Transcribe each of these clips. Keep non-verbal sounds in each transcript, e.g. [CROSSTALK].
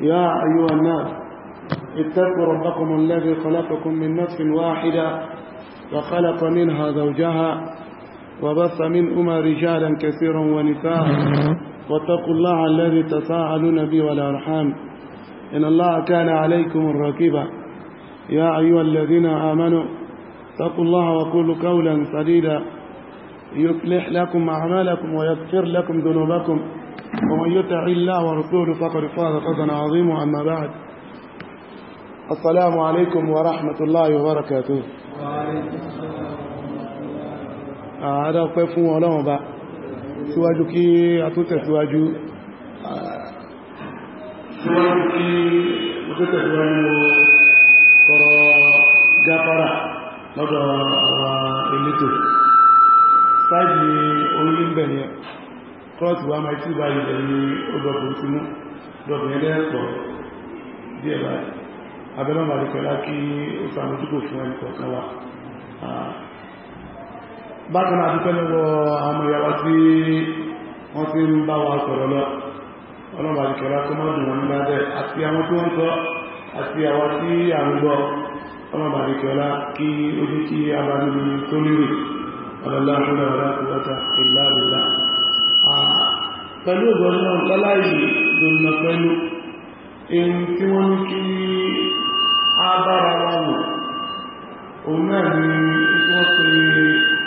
يا أيها الناس اتقوا ربكم الذي خلقكم من نفس واحدة وخلق منها زوجها وبث منهما رجالا كثيرا ونساء واتقوا الله الذي تساءلون به والأرحام إن الله كان عليكم الركيبة يا أيها الذين آمنوا اتقوا الله وقولوا قولا سديدا يصلح لكم أعمالكم ويغفر لكم ذنوبكم ومن يطع الله ورسوله فقد فاز فوزا عظيما أما بعد السلام عليكم ورحمة الله وبركاته هذا ọpẹ́ fún Ọlọ́run ba síwájú kí a tó tẹ̀síwájú síwájú kí a tó tẹ̀síwájú kọ̀rọ̀ gáfárà lọ́dọ̀ àwọn elétò sáàjì orílẹ̀-èdè tọ́ọ̀tù wa máa tí báyìí ẹ̀yìn ọdọ̀kùn tí mú lọ́bìn ẹlẹ́ẹ̀kọ́ díẹ̀ báyìí abẹ́lọ́mà àríkọlá kí ó sàmójúkò fún ẹnìkọ̀ káwà bákan àdúpẹ́ lọ́wọ́ àwọn ìyàwó tí wọ́n ti ń bá wa sọ̀rọ̀ lọ ọlọ́mà àríkọlá kó mọ́dún wọn nígbàdẹ́ àti àwọn pẹ̀lú ìgbọ́nà láláì dònà pẹ̀lú ewu tí wọ́n ní kí a bára wà òun náà ni wọ́n pe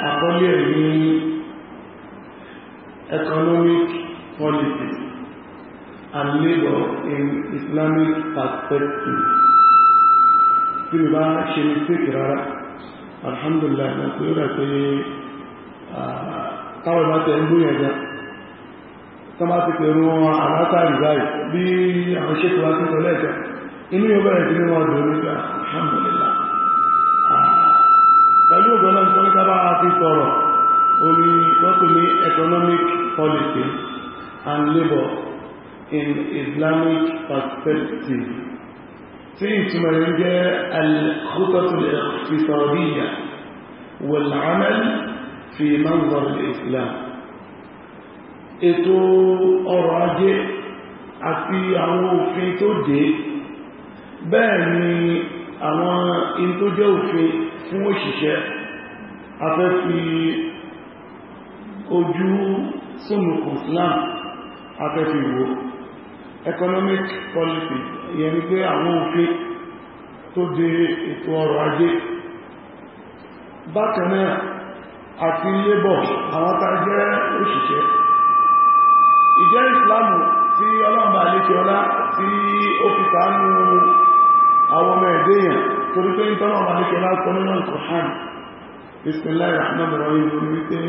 àkọlé ẹ̀ economic policy, and labor in Islamic perspective tí lè bá alhamdulillah na kúrò rẹ̀ pé ah, táwọn ìbátẹ̀ ń gbóyànjá tó máa ti pèrò wọn àlátàrí báyìí bí àwọn ṣètò wá títọ́ lẹ́ẹ̀kẹ́ inú yóò bẹ̀rẹ̀ sí ní wọn dùn nígbà alhamdulillah pẹ̀lú ògbọ́n náà tó ní ká bá ti sọ̀rọ̀ omi lọ́pù ní economic policy and labour in Islamic perspective tí ìtumọ̀ rẹ̀ jẹ́ al-khutatul iqtisadiyya fi manzar al-Islam ètò ọrọ̀ ajé àti àwọn òfin tó dé bẹ́ẹ̀ ni àwọn in tó jẹ́ òfin fún òṣìṣẹ́ afẹ́ fi ojú sínúkùn Islam afẹ́ fi wo economic policy ìyẹn ni pé àwọn òfin tó dé ètò ọrọ̀ ajé bákan náà àti labour àwọn tá jẹ́ òṣìṣẹ́ ìjẹ́ ìsìláàmù tí ọlọ́mbà àlékẹ́ ọlá tí ó fi sàánú àwọn ọmọ ẹ̀dẹ́ èèyàn torí pé ìtọ́lọ́mbà àlékẹ́ ọlá sọ nínú ìkọ̀hán bismillahir rahmanir rahim wípé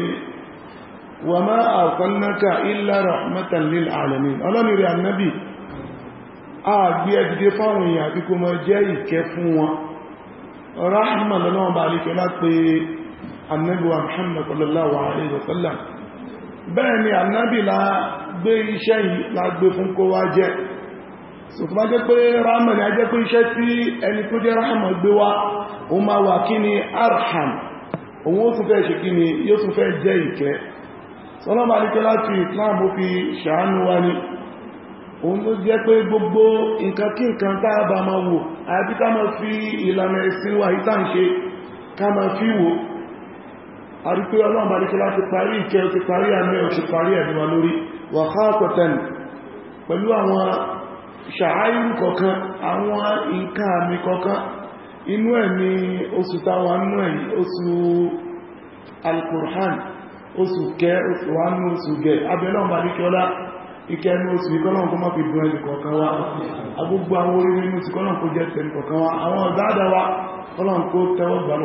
wa ma arsalnaka illa rahmatan lil alamin ọlọ́ni rẹ̀ annabi àgbé ẹdìdé fáwọn èèyàn àti kó mọ pé annabi wa muhammad sallallahu alaihi wasallam bẹ́ẹ̀ ni annabi la gbé iṣẹ́ yìí la fún kó wá jẹ́ so tó bá jẹ́ pé a jẹ́ pé iṣẹ́ tí ẹni tó jẹ́ rahman gbé wá o máa wà kí ni arham òun ó tún fẹ́ ṣe kí ni yóò tún fẹ́ jẹ́ fi ṣàánú ni òun jẹ́ pé gbogbo nǹkan kí nǹkan tá a bá máa wò fi ìlànà ẹ̀sìn wa ìta ń ṣe ká fi wò àrí pé ọlọ́mà ní láti parí ìkẹ́ ó wàkọ́kọ̀tẹ̀lù pẹ̀lú àwọn ṣàáyìn kọ̀kan àwọn nǹkan àmì kọ̀kan inú ẹ̀ ni oṣù táwọn inú ẹ̀ oṣù osu oṣù kẹ oṣù wá ní oṣù gẹ̀ abẹ́lọ́mbà ní kíọ́lá ìkẹni oṣù ẹni wa oṣù wa kọ́lọ̀ kó tẹ́wọ́ gbà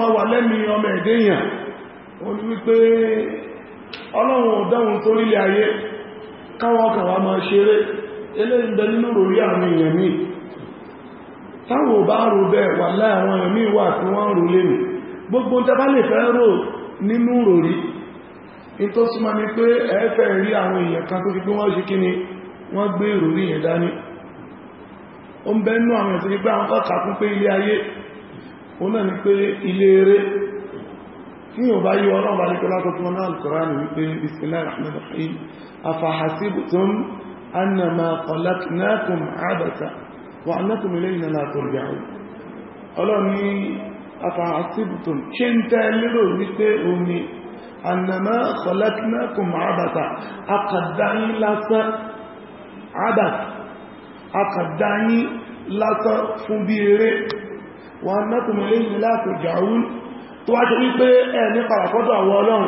wa ọlá wọ́n ni wípé ọlọ́run ò tó rílẹ̀ ayé káwọn ma wa máa ṣeré eléyìnbẹ̀ nínú ròrí àwọn èèyàn míì táwọn ò bá rò bẹ́ẹ̀ wà láì èèyàn míì wà gbogbo tẹ́bá lè fẹ́ rò nínú ròrí in tó súnmọ́ ni pé ẹ̀ẹ́fẹ́ rí àwọn èèyàn kan tó fi pé wọ́n ṣe kí ni wọ́n gbé ìròrí yẹn dání ó ń ayé náà ni pé tí yóò bá yí ọlọ́run bá nígbà lákòókò náà alkùránì wípé bismillahir rahmanir rahim afahasibtum annama khalaqnakum abata wa annakum ilayna la turja'un ọlọ́run ní afahasibtum ṣe ń tẹ́ lérò wípé omi annama khalaqnakum abata akàdáyí lásán fún bí eré wa annakum ilayna la tó wá ṣe wípé ẹ ní parapọ́dọ̀ àwọn ọlọ́run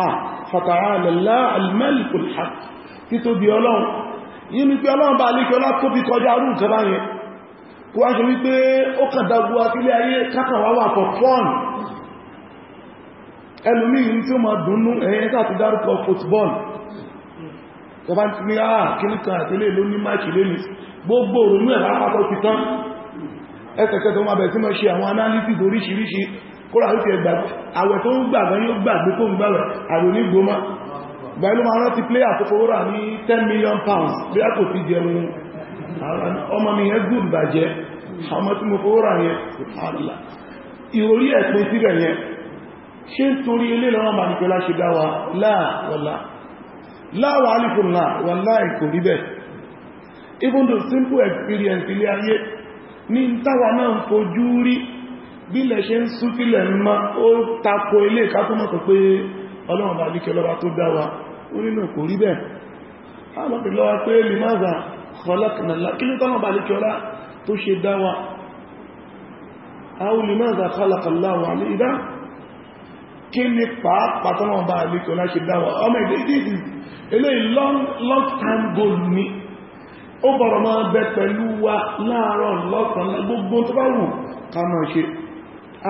ah fàtàrànlá almalikul haq tí tó bí ọlọ́run yìí ni pé ọlọ́run bá líkẹ́ ọlá tó bí kọjá rú ìjọba yẹn kó wá ṣe wípé ó kàn dágbó akílé ayé kákànwá wà for fun ẹlùmíyìn tí ó máa dùnnú ẹ̀yẹn sáà tó máa bẹ̀ sí mọ́ ṣe àwọn analysis oríṣiríṣi kóra wípé àwẹ̀ tó ń gbàgbẹ́ yóò gbàgbé kó ń gbàwẹ̀ àrùn ní gbọmá gbẹ̀lú ma ti pléyà tó fowó rà ní 10 million pounds bí a kò fi ọmọ mi yẹn gùn bàjẹ́ ọmọ tí mo fowó rà yẹn ẹ̀pin síbẹ̀ yẹn ṣe ń torí ilé lọ́wọ́ ma ṣe dá wa láàwọ̀lá even though simple experience ilé ayé bílẹ̀ ṣe ń súfílẹ̀ ma ó tako ilé ìkákúnmọ̀kọ̀ pé ọlọ́run bá líkẹ lọ́wà tó dáwà ó nínú kò rí bẹ́ẹ̀ alọ́pẹ̀ lọ́wà pé limaza kọlọ́kìnàlá kí ló tọ́nà bá líkẹ ọlá tó ṣe dáwà àwọn limaza kọlọ́kọlọ́wà ní ìdá kí ni pàápàá ṣe dáwà long long time goal ni ó bọ̀rọ̀ máa bẹ pẹ̀lú wa láàárọ̀ lọ́sàn-án gbogbo tó bá wù ká máa ṣe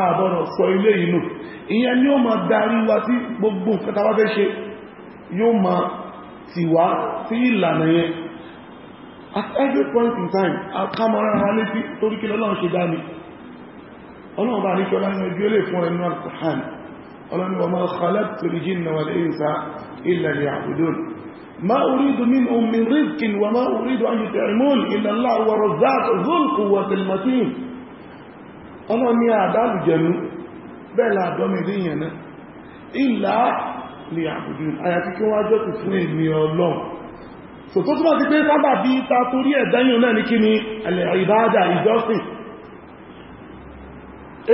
àbọ̀rọ̀ sọ ilé inú ìyẹn ni ó ma darí wa tí gbogbo kẹtàwà fẹ́ ṣe yóò ma ti wá sí ìlànà yẹn at every point in time a kámọ́ra wa létí torí kí lọ́lọ́run ṣe dá mi ọlọ́run bá ní kí ọlá ẹgbẹ́ olè fún ẹnu alkuhan ọlọ́run wa ma khalaqtu al-jinna wal-insa illa liya'budun ma ما أريد من أم من رزق وما أريد أن illa إلا الله ورزاق ذو القوة المتين ọlọ́ ní àdálùjẹ̀nú bẹ́ẹ̀lá àdọ́mì rí yẹn náà ìlà ni àbùdù àyàfi kí wọ́n jọ́kù fún èmi ọlọ́run so tó túnmọ̀ sí pé sábà bí ta torí ẹ̀dẹ́yìn náà ní kí ni ìbáadà ìjọsìn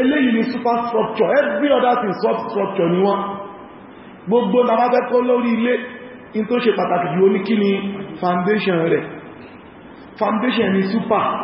eléyìí ni superstructure every other thing substructure ni wọ́n gbogbo labábẹ́kọ́ lórí ilé in tó ṣe pàtàkì jù ó ní kí ni foundation rẹ̀ foundation ni super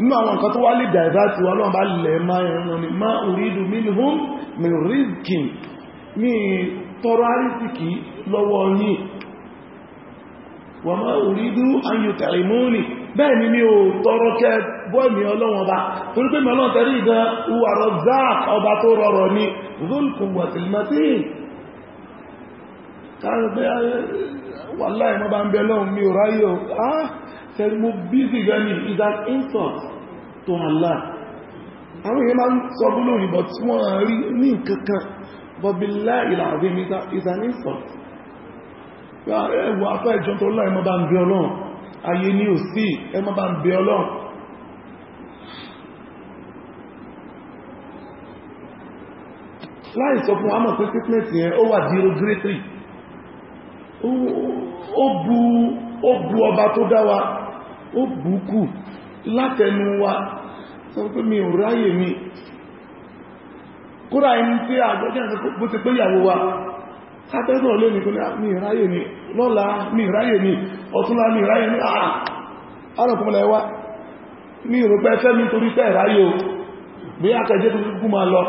nínú àwọn nǹkan tó wá lè dàìbá ti wà bá lẹ̀ máa ẹ̀rùn ni máa uridu minhum min rizqin ní tọrọ àrísìkí lọ́wọ́ yìí wa ma uridu an yut'imuni bẹ́ẹ̀ ni mi ò tọrọ kẹ bọ́ mi ọlọ́wọ́n bá torí pé mọ́lọ́n tẹ́rí ìdán uwa Razzaq ọba tó rọrọ̀ ni Dhul tẹ́lú bízi gani is an insult to Allah àwọn èèyàn máa ń sọ búlò ìbọ̀ tí wọ́n rí ní nǹkankan but billahi al-azim is an insult ẹwọ afẹ́ ìjọ tó lọ ẹmọ bá ń bí ọlọ́run ayé ní òsì ẹmọ bá ń bí ọlọ́run láì sọ fún àmọ̀ pé statement yẹn ó wà derogatory ó bu ọba tó dá wa ó bùkù látẹnu wa sọ́pẹ́ mi ò ráyè mi kúrò tí àgbẹ́jẹ́ bó ti pé ìyàwó wa sátẹ́sọ̀ lé ní kúrò ah, mi ráyè mi lọ́la mi ráyè mi ọ̀túnla mi mi àárọ̀kúnlẹ̀ ah, wa mi fẹ́ mi torí o bí akẹ́jẹ́ tó kú lọ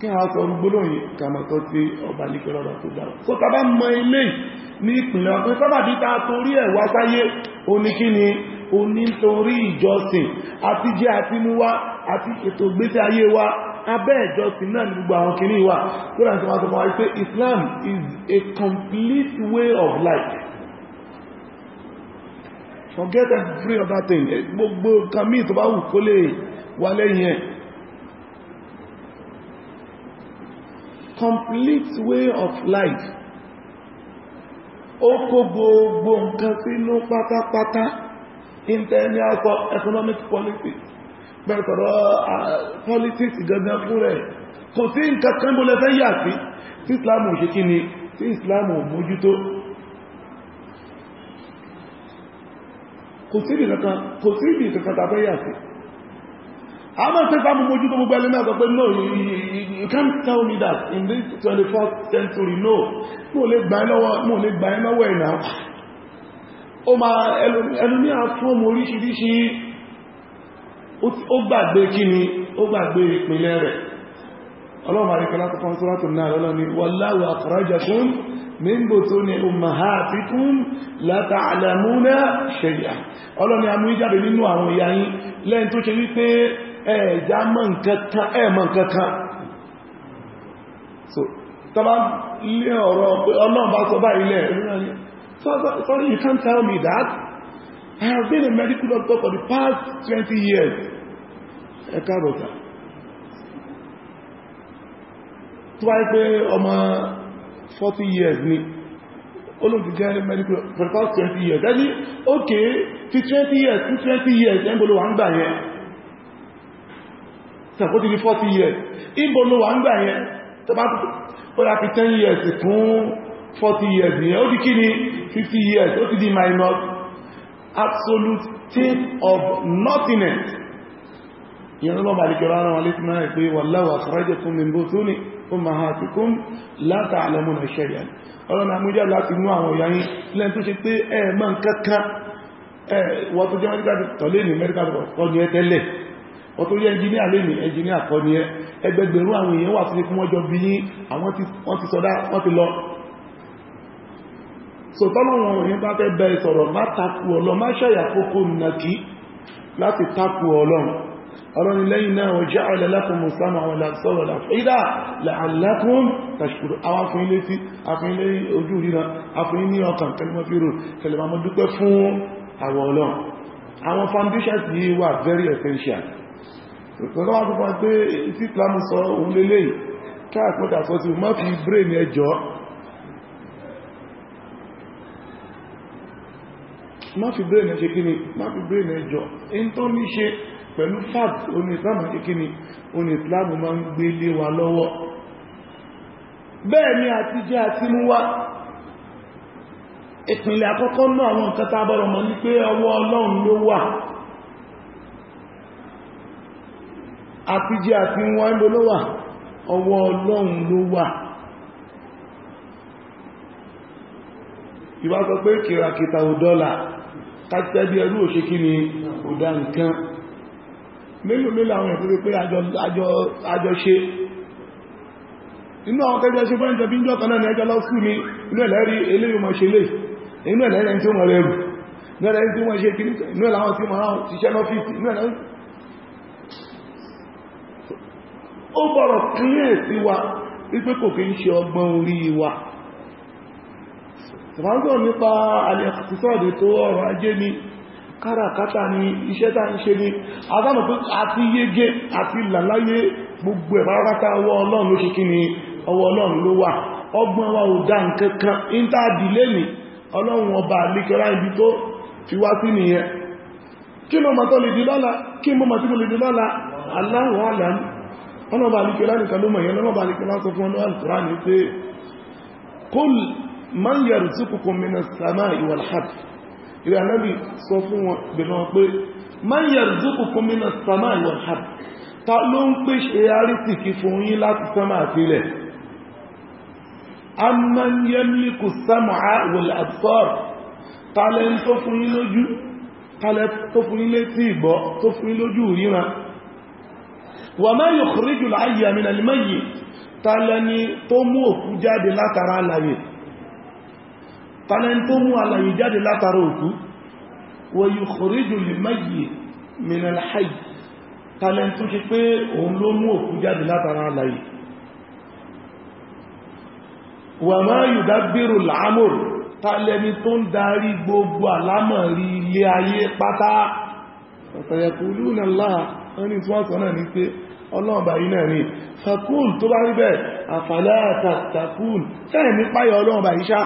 kí a sọ gbólóyìn kàmọ̀tọ́ tí ọba nípe lọ́dọ̀ tó dáa so tàbá mọ ilé ní ìpìnlẹ̀ ọ̀pẹ́ sábàbí ta torí ẹ̀ wá sáyé oníkíni onítorí ìjọsìn àti jẹ àti àti ètò ìgbésí ayé wa abẹ́ ìjọsìn náà ní gbogbo àwọn kìíní wa Islam is a complete way of life forget every other thing gbogbo kan míì tó wù kó lè wà lẹ́yìn ẹ̀ complete way of life ó kó gbogbo nǹkan sínú pátápátá interni economic politics pẹ̀lú politics gangan fún rẹ̀ kò sí nǹkan kan bó lẹ́fẹ́ yà sí tí Islam ṣe kí ni tí Islam ò mójútó kò sí ìdí kankan tàbẹ́ yà sí How much time I'm going to go to the But no, you, you, you can't tell me that in this 21st century. No, I'm lè gbà ẹ́ lọ́wọ́, mo lè gbà ẹ́ lọ́wọ́ ẹ̀ náà. Ó máa ẹlòmí àfọ́m oríṣiríṣi, ó gbàgbé kíni, ó gbàgbé ìpínlẹ̀ rẹ̀. Ọlọ́run àríkà láti fọ́n sọ́rọ̀tún náà lọ́lọ́ni, wallahu akhrajakum min butuni ummahatikum la ta'lamuna shay'an. Ọlọ́run amú ìjáde nínú àwọn ìyá yín lẹ́yìn tó ṣe wípé ẹ̀ẹ̀já mọ́ nǹkankan ẹ̀mọ́ nǹkankan so tọba lé ọ̀rọ̀ ọlọ́run bá sọ báyìí lẹ̀ sorry you can't tell me that I have been a medical doctor for the past 20 years ẹ̀ka rọ̀ta tó wáyé pé ọmọ 40 years ni olóòtú jẹ́ medical for the past 20 years ẹni okay ti 20 years ti 20 years ẹgbẹ̀lú wà ń gbà yẹn sẹ̀kó ti di 40 years ìbò ló wà ń gbà yẹn tó bá ó yá fi 10 years kún 40 years yẹn ó di kí ni 50 years ó ti di minus absolute state of nothingness ìyẹn lọ́wọ́ àríkẹ̀ rárá wọn létí náà pé wallahu akhrajakum min butuni ummahatikum la ta'lamuna shay'an ọlọ́nà àmújá láti mú àwọn ìyá yín lẹ́n tó ṣe pé ẹ̀ẹ̀mọ́ nǹkankan wọ́n tó jẹ́ wọ́n tó rí ẹnjìníà lè ní ẹnjìníà kọ́ ní ẹ ẹgbẹgbẹ̀rún àwọn èèyàn wà sí fún ọjọ́ bí yín àwọn ti sọdá wọ́n ti lọ so tọ́lọ́wọ̀n èèyàn bá fẹ́ bẹ sọ̀rọ̀ má takú ọlọ má ṣẹ̀yà kókó nàkí láti takú ọlọ́run ọlọ́ni lẹ́yìn náà ọjọ́ ọlẹ́lẹ́kùn musamman ọlọ́run àwọn foundations yìí wà very essential ìpínlẹ̀ wá fún pé tí islamu sọ ohun lélẹ̀ káàkùnkà sọ sí mọ́ fi brain ẹjọ́ má fi brain ẹjọ́ kíni má fi brain ẹjọ́ in tó ní ṣe pẹ̀lú fact oní islamu kíkíni oní islamu ma ń gbé lé wa lọ́wọ́ bẹ́ẹ̀ ni àti jẹ́ àti mú wá ìpínlẹ̀ àkọ́kọ́ náà àwọn nǹkan tábọ̀rọ̀ mọ̀ ní pé ọwọ́ Ọlọ́run ló wà àpíjẹ́ àti wọ́n ń ló wà ọwọ́ ọlọ́run ló wà ìwá sọ pé kìràkìtà òdọ́là káṣẹ́ bí ẹrú òṣè kí ni òdá nǹkan mélòó mélòó àwọn ìpínlẹ̀ pé àjọ ṣe inú àwọn kẹjọ ṣe fẹ́ǹjọ bí ń jọ kan náà ní ẹjọ́ lọ́sùn mi inú ẹ̀lẹ́rí eléyìí mọ̀ ṣe lè tí ó mọ̀ rẹ̀ rù inú ẹ̀lẹ́rí tí wọ́n ṣe kìrìkì inú ẹ̀lẹ́rẹ́ tí wọ́n ṣiṣẹ́ lọ́fíìsì inú ẹ̀lẹ́rẹ́ ó bọ̀rọ̀ kíyèsí wa wípé kò kí ń ṣe ọgbọ́n orí wa ṣàbágbọ́ nípa alẹ́kùsọ́ọ̀dì tó ọrọ̀ ajé ni káràkátà ni iṣẹ́ tá ń ni adámọ̀ pé àti yege àti làláyé gbogbo ẹ̀bárátá ọwọ́ ọlọ́run ló ṣe kí ni ọwọ́ wa ò dá nǹkan kan ọlọ́run ọba ibi tó fi wá sí lè di lọ́la kí mo lè di lọ́la aláwọ̀ ọlọ́bà alìkẹ́ lánìkan ló mọ̀yẹn lọ́lọ́bà alìkẹ́ lásọ fún ọlọ́ alìkùránì pé kul man yarzuqukum minas samaa'i wal ard ìrẹ́ anábì sọ fún wọn bẹ̀rẹ̀ wọn pé man yarzuqukum minas samaa'i wal ard ta ló ń pè ṣe àrísìkí fún yín láti sánmà àfilẹ̀ amman yamliku sam'a wal absar talẹ́ tó fún yín lójú talẹ́ tó fún yín létí ìgbọ́ tó fún yín lójú ríran wà máa yóò kìrìjù láàyè àmìnà lèmọ́yì tàlẹni tó mú òkú jáde látara alàyè tàlẹni tó mú alàyè jáde látara òkú wà yóò kìrìjù lèmọ́yì mìnà láàyè tàlẹni tó ṣe pé òun ló mú òkú jáde látara alàyè wà máa yóò dábírù láàmùrù tàlẹni tó ń darí gbogbo àlámọ̀rí ilé ayé pátá ọ̀tẹ̀yẹ̀kú lúnà láà wọ́n ní tí wọ́n sọ náà ní pé ọlọ́ọ̀bà yìí náà ní sakul tó bá rí bẹ́ẹ̀ àfàlẹ́àtà sakul tẹ́ẹ̀ ní páyọ ọlọ́ọ̀bà yìí ṣá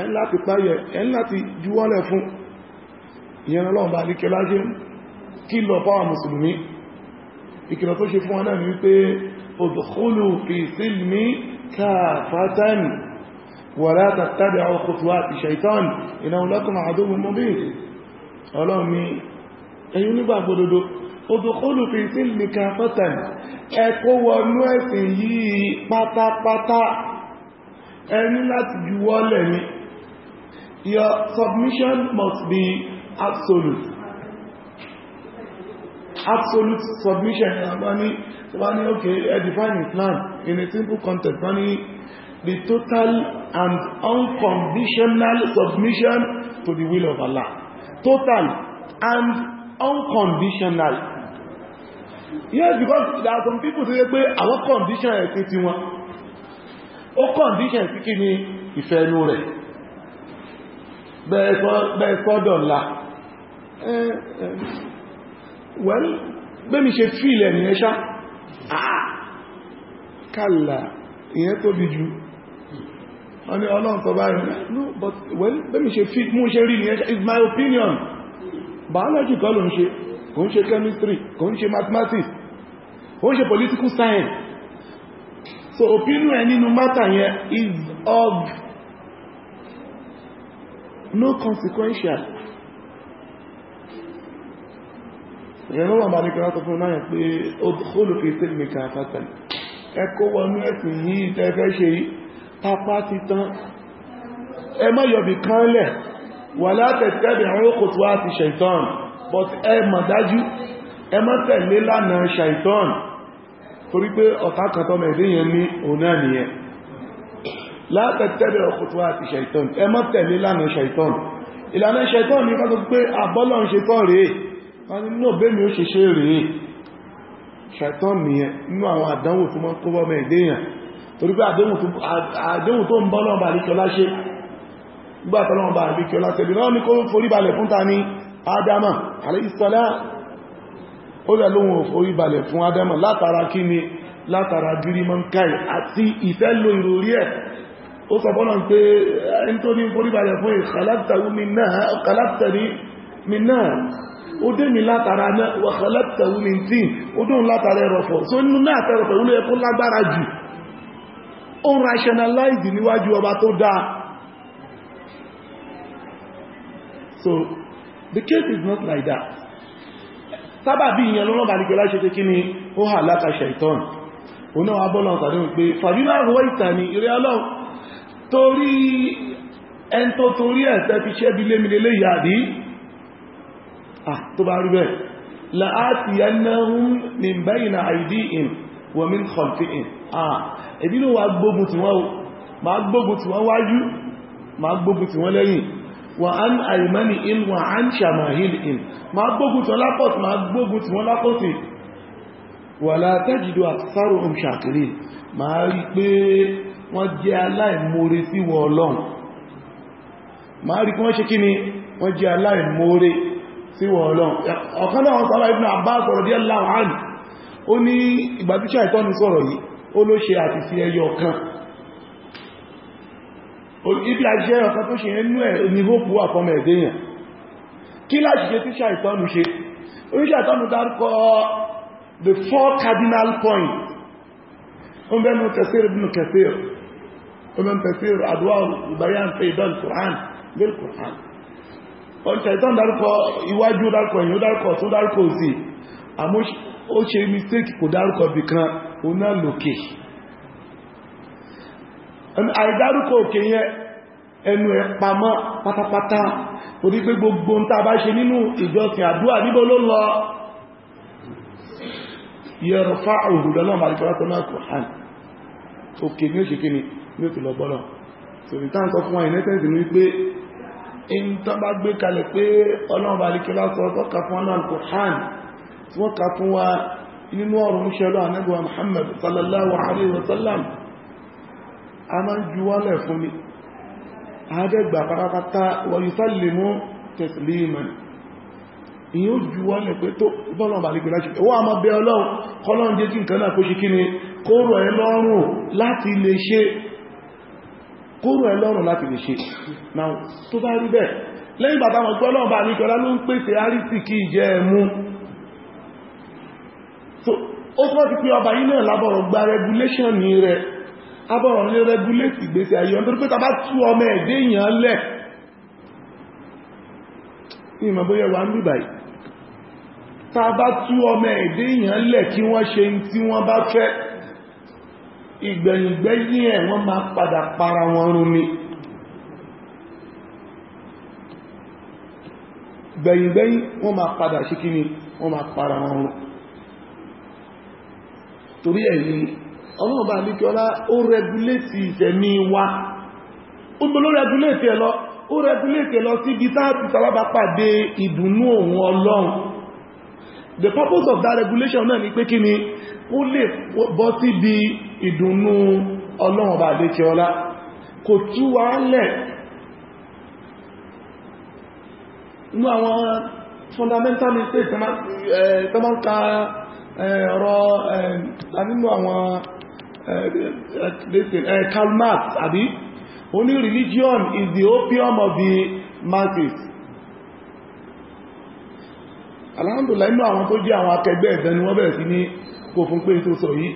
ẹn láti páyọ ẹn láti juwọ́lẹ̀ fún ìyẹn ọlọ́ọ̀bà ní kí lájé kílọ̀ fáwà mùsùlùmí ìkìlọ̀ tó ṣe fún wọn náà ní wípé ọlọ́run ni ẹ̀yin nígbàgbódodo odòkólù fi sí nìka fọ́tàn ẹkó wọnú ẹ̀sìn yìí pátápátá ẹni láti juwọ́lẹ̀ ni your submission must be absolute absolute submission abani abani okay I define Islam in a simple context abani the total and unconditional submission to the will of Allah total and unconditional yes because there are some people tó yẹ pé àwọn condition ẹ̀sìn ti wọn ó condition sí kí ni ìfẹ́ inú rẹ̀ bẹ́ẹ̀ sọ́dọ̀ ńlá well gbẹ́mi ṣe fíìlẹ̀ nìyẹn ṣá ah, kàlà ìyẹn tóbi jù wọ́n ní ọlọ́run tó rẹ̀ no but well bẹ́mi ṣe fi mú ṣe rí ní ẹ̀ṣẹ́ is my opinion biology kọ́ ló ń ṣe kò ń ṣe chemistry kò ń ṣe mathematics kò ń ṣe political science so opinion ẹ̀ nínú matter yẹn is of no consequential ìyẹn lọ́wọ́ àbá ní kí wọ́n sọ náà pé olùfẹ́ sílmì kan fásitì ẹ̀kọ́ wọnú ẹ̀sìn yìí tẹ́fẹ́ ṣe yìí pápá ti tán ẹ má yọ̀bì kan lẹ̀ wà látẹ̀tẹ̀bì àrókò tó wá ti ṣàìtàn but ẹ mọ̀ dájú ẹ má tẹ̀lé lánàá ṣàìtàn torí pé ọ̀tá kan tọ́ mẹ̀díyàn ní òun náà nìyẹn látẹ̀tẹ̀bì àrókò tó wá ti ṣàìtàn ẹ má tẹ̀lé lánàá ṣàìtàn ìlànà ṣẹ̀tọ́ ní kátó pé àbọ́lọ̀ ń ṣe tọ́ rèé wọ́n ni náà bẹ́ mi ó ṣe ṣe rèé ṣẹ̀tọ́ nìyẹn nínú àwọn àdánwò tó mọ́ kó bọ́ mẹ́ẹ̀dẹ́yàn torí pé àdéhùn tó ń bọ́ lọ́wọ́ bá àríkíọlá ṣe gbàtọ̀lọ́wọ́ bá àríkíọlá ṣe bìnà ní kó forí balẹ̀ fún ta ní adama àríkísọ́lá ó rẹ̀ lóhun forí balẹ̀ fún adama látara kí ni látara gírímọ́nkáì àti ìfẹ́ lo ìròrí ẹ̀ ó sọ bọ́lọ̀ pé ẹni tó ní forí balẹ̀ fún ìkàlátà ó dé mi látara náà so nínú náà tẹ́rọ̀fẹ̀ wúlé ẹkún ó ń rationalize níwájú ọba tó dáa so the case is not like that sábàbí ìyẹn lọ́nà bá nìkẹ́lá ṣe tẹ́ kí ni ó hà látàṣà ìtọ́n oná abọ́lọ̀ tàbí pé fàbílá rọ ìtà ní eré ọlọ́run torí ẹn tó torí ẹ̀tẹ́ fi ṣẹ́bí lémìlélé ìyàdí tó bá rí bẹ́ẹ̀ láàtìyànnáhùn min bayna aydihim wa min khalfihim èbí ló wà gbógun tí wọ́n ma gbógun tí wọ́n wájú ma gbógun tí wọ́n lẹ́yìn wà án àìmọ́ni in wà án ṣàmàhìl in ma gbógun tí wọ́n lápọ̀t ma gbógun tí wọ́n lápọ̀tì wà látẹ́jìdó àtisárò ohun ṣàkiri ma rí pé wọ́n jẹ́ aláìmoore sí wọ ọlọ́run ma rí kí wọ́n ṣe kí ni wọ́n ó ló ṣe àti sí ẹyọ kan ibi àṣẹ ọ̀kan tó ṣe ẹnu ẹ̀ ní hópù wà fọ́mọ̀ ẹ̀dẹ́yàn kí láti ṣe tí ṣàìtọ́nù ṣe oníṣàìtọ́nù dárúkọ the four cardinal points ó mẹ́nu tafsir ibn Kathir ó mẹ́nu tafsir adwa bayan fi ìdán Qur'an lil Qur'an oníṣàìtọ́nù dárúkọ iwájú dárúkọ ẹ̀yìn dárúkọ tó dárúkọ sí àmúṣ ó ṣe mistake kò dárúkọ bì kan oná lòkè àìdárúkọ òkè yẹn ẹnu ẹ̀ pamọ́ pátápátá torí pé gbogbo ń tàbá ṣe nínú ìjọsìn àdúrà níbo ló lọ yẹrọfá òhùrọ̀ náà bá dìkọ́ látọ́nà kòhán òkè ní òṣèké ni ní òtù lọ́gbọ́nà torí tán sọ fún àìnẹ́tẹ́sì ní pé in tán bá gbé kalẹ̀ pé ọlọ́run bá dìkọ́ látọ́nà kòhán tí wọ́n kà fún wa nínú ọ̀rọ̀ ń ṣẹlọ́ ànẹ́gbà Muhammad sallallahu alaihi wasallam a máa ń ju wálẹ̀ fún mi àádẹ́gbà pátápátá wa yusallimu tasliman ìyí ó ju wálẹ̀ pé tó bọ́lọ̀ bà nígbè láti wọ́n a máa bẹ ọlọ́run kọ́lọ́run jẹ́ kí nǹkan náà kó ṣe kí ni kóró ẹ bá rí bẹ́ẹ̀ ló ń pèsè àrísìkí ìjẹ́ ẹ̀mú ó tún wọ́n ti pé ọba yìí náà lábọ̀rọ̀ gba regulation ní rẹ̀ abọ̀rọ̀ lè regulate ìgbésí ayé ọ̀n torí pé tàbá tú ọmọ ẹ̀dẹ́ èèyàn lẹ̀ ní ìmọ̀ bóyá wà ń bíbà yìí tàbá tú ọmọ ẹ̀dẹ́ èèyàn lẹ̀ kí wọ́n ṣe tí wọ́n bá fẹ́ ìgbẹ̀yìngbẹ́yìn ẹ̀ wọ́n máa padà para wọn run ni gbẹ̀yìngbẹ́yìn wọ́n máa padà ṣe kí ni wọ́n máa para wọn run torí ẹ̀yìn ọlọ́ọ̀bá àníkọ́lá ó rẹgulétì ìtẹ̀mí wa ó mọ́ ló rẹgulétì ẹ̀ lọ ó rẹgulétì ẹ̀ lọ sí ibi táàtì sábàbà pàdé ìdùnnú òun ọlọ́run the purpose of that regulation náà ni pé kí ni ó lè bọ́ síbi ìdùnnú ọlọ́ọ̀bá àníkọ́lá kò tú wa lẹ̀ fundamental mistakes ẹ̀rọ ànílò àwọn Karl Marx àbí ó ní religion is the opium of the masses alhamdulillah inú àwọn tó jẹ́ àwọn akẹgbẹ́ ẹ̀dẹ́ ni wọ́n bẹ̀rẹ̀ sí ní kò fún pé tó sọ yìí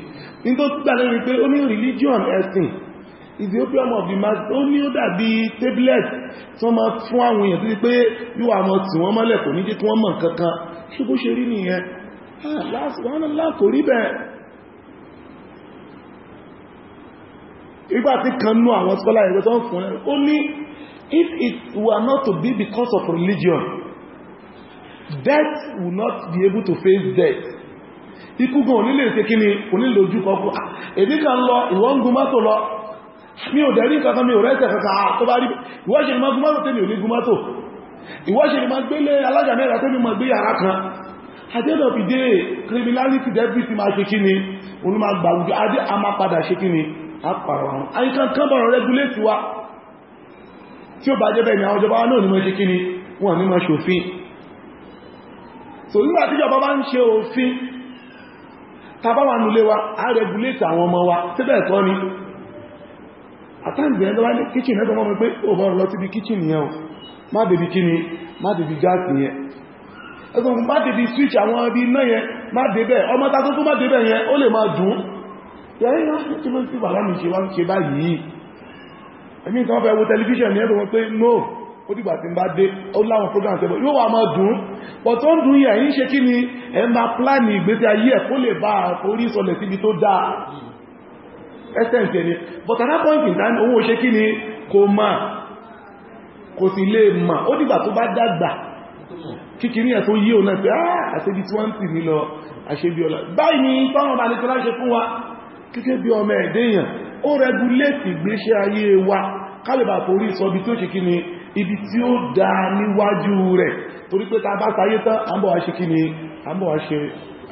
ní tó gbàlẹ́ rí pé ó religion ẹ̀sìn is the opium of the masses. ó ní ó dàbí tablet tí wọ́n máa fún àwọn èèyàn títí pé yíò àmọ́ tí wọ́n mọ́lẹ̀ kò ní jẹ́ kí wọ́n mọ̀ kankan ṣe subhanallah kò rí bẹ́ẹ̀ ìgbà tí kan nú àwọn scholar ìwé tó ń fún ẹ ó ní if it were not to be because of religion death would not be able to face death ikú gan onílé ìṣe kí ni onílòjú kọkù ah, èdè kan lọ ìwọ́n gun mọ́tò lọ mi ò dẹ̀rí kankan mi ò rẹ́sẹ̀ kankan ah, tó bá rí ìwọ́ṣe ni ma gun mọ́tò tẹ́mi ò ní gun mọ́tò ni ma gbélé alájà mẹ́ra tẹ́mi ma gbé yàrá kan at the end of the day criminality everything máa ṣe kí ni òun máa gbàwùjọ adé a máa padà ṣe kí ni a pàrọ̀ àwọn àyíká kábọ̀rọ̀ regulate wa tí ó bá jẹ́ bẹ́ẹ̀ ni àwọn ìjọba náà ní mọ́ ṣe kí ni wọ́n ní mọ́ ṣòfin so nígbà tí ìjọba bá ń ṣe òfin tàbá wà nílé wa a regulate àwọn ọmọ wa tí bẹ́ẹ̀ kọ́ ni àtàǹdì ẹ̀dọ́ wá ní kíchìn ẹ̀dọ́ mọ́ pé ó bọ́rọ̀ lọ síbi kíchìn yẹn o má débi kíni má débi gáàsì yẹn ẹgbọ́n má dèbí switch àwọn ibi iná yẹn má débẹ̀ ọmọ ta tó tó má débẹ̀ yẹn ó lè máa dùn yẹ́yìn náà tí mọ́ sí bàbá mi ṣe wá ń ṣe báyìí ẹ̀mí kan fẹ́ wo tẹlifíṣàn yẹn wọn pé no ó dìgbà tí ń bá dé ó láwọn program tẹ́bọ̀ yóò wà máa dùn pọ̀ tó ń dùn yẹ̀ ń ṣe kí ni ẹ̀ ń bá pláàni ìgbésí ayé ẹ̀ kó lè bá orí but at that point in time owó ṣe kí ni kò máa kò sì lè mà ó dìgbà tó bá dàgbà kíkiri ẹ̀ tó yí ò náà pé ah, àṣẹ́bí tí wọ́n ń tì mí lọ àṣẹ́bí ọlá báyìí ni tọ́rọ bá lè tọ́lá ṣe fún wa kíké bí ọmọ ẹ̀dẹ́ èèyàn ó rẹgúlétì ìgbésẹ̀ ayé wa kálẹ̀bà torí ìsọbi tó ṣe kí ni ibi tí ó dá níwájú rẹ̀ torí pé ta bá sáyé tán àbọ̀ wá ṣe kí ni àbọ̀ wá ṣe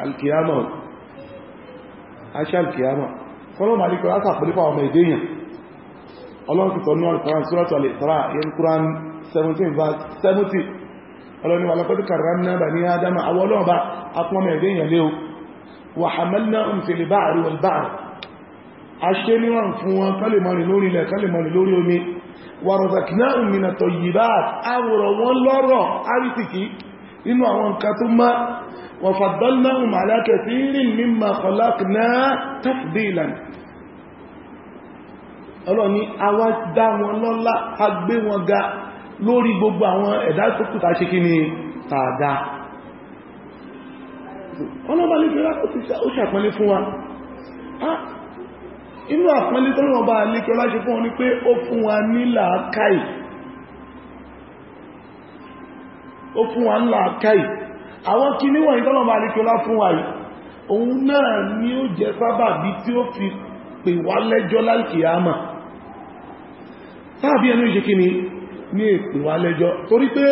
alkiyama aṣẹ́ alkiyama kọ́lọ́mà ní kọ́lá sàpẹ́lẹ́pà ọmọ ẹ̀dẹ́ èèyàn ọlọ́run ti sọ ní ọ̀rọ̀ 17 verse 70 ọlọ́ni wà lọ́kọ́dù karramna bani adama àwọn ọlọ́ọ̀bá apọ́mọ̀ ẹ̀dẹ́ èèyàn léo wà hamalnahum fil bahri wal bahri a ṣe níwọ̀n fún wọn kálẹ̀mọ̀rin lórí ilẹ̀ kálẹ̀mọ̀rin lórí omi wà razaqnahum minat tayyibat àwòrán wọn lọ́rọ̀ àrísìkí inú àwọn nǹkan tó má wa faddalnahum ala ọlọ́ni a wá dá wọn lọ́lá a gbé wọn ga lórí gbogbo àwọn ẹ̀dá tó kù tàà ṣe kí ni tààdá ọlọ́bà ní kí ó ṣàpẹ́lé fún wa inú àpẹ́lé tó rọ̀bà ní kí ọlá ṣe fún wọn ni pé ó fún wa ní làákàì ó fún wa ní làákàì àwọn kí níwọ̀n ìtọ́lọ̀bà ní kí ọlá fún wa yìí òun náà ni ó jẹ sábàbí tí ó fi pè wá lẹ́jọ́ láìkìyàmà tàbí ẹnu ìṣẹ́kí ni ní èpè wa lẹ́jọ́ torí pé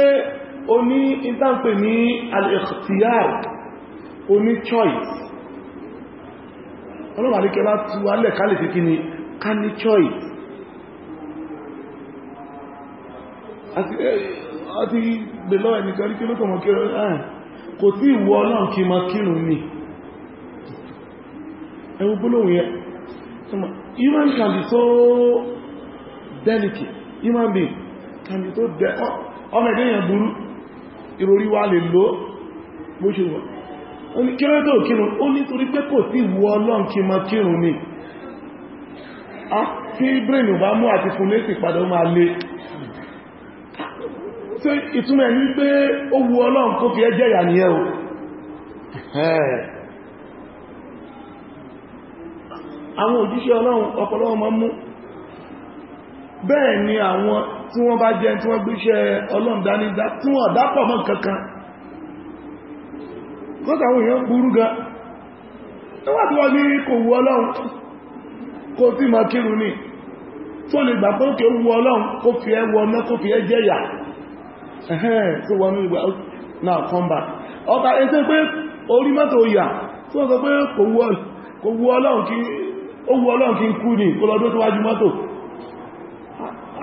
o ní ìtànpè ní al-ikhtiyar o ní choice ọlọ́wà ní kẹwàá tí wà lẹ̀ kálẹ̀ fi kí ni ká ní choice àti gbèlọ́ ẹnìkan rí kí lókọ̀ mọ̀ kírọ kò tí ìwọ ọlọ́run kí mọ kírùn ní ẹwú gbólóhùn yẹ human can be so delicate human being ẹni tó dẹ ọmọ ìdíyàn burú ìrorí wa lè ló bó ṣe wọ̀ ó ní kí lóòtò kírun ó nítorí pé kò sí ìwọ ọlọ́n kí mọ kírun a tí brain bá mú àti fún lé sì padà ó máa lé tí ìtumọ̀ ní pé ó wu ọlọ́n kó fi ẹjẹ́ ìyà nìyẹn o àwọn òjíṣẹ́ ọlọ́run ọpọlọ́wọ́ mọ́ mú bẹ́ẹ̀ ni àwọn tí wọ́n bá jẹ tí wọ́n gbíṣẹ́ ọlọ́ndání tí wọ́n dápọ̀ mọ́ kankan kọ́tàwọn èèyàn burú gan níwàtí wọ́n ní kò wu ọlọ́run kò tí ma kírun ní tó lè gbà pé kò wu ọlọ́run kó fi ẹ wọ ọ̀nà kó fi ẹ wọ́n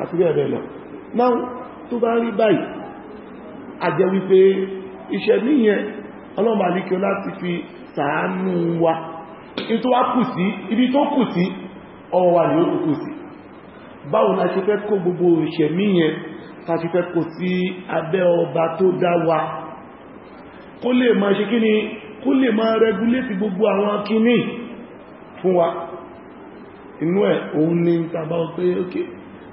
àti bẹ́ẹ̀ lọ náà tó bá rí báyìí àjẹ́ wípé iṣẹ́ níyẹn ọlọ́mà ní kí o láti fi sàánú wa ibi tó wá kù sí ibi tó kù sí ọwọ́ wa ni ó kù sí báwo la ṣe fẹ́ kó gbogbo iṣẹ́ níyẹn ta fẹ́ kó sí abẹ́ ọba tó dá wa kó lè máa ṣe kí ni kó lè máa rẹgúlétì gbogbo àwọn kíní fún wa inú ẹ̀ òun ni tàbá pé okay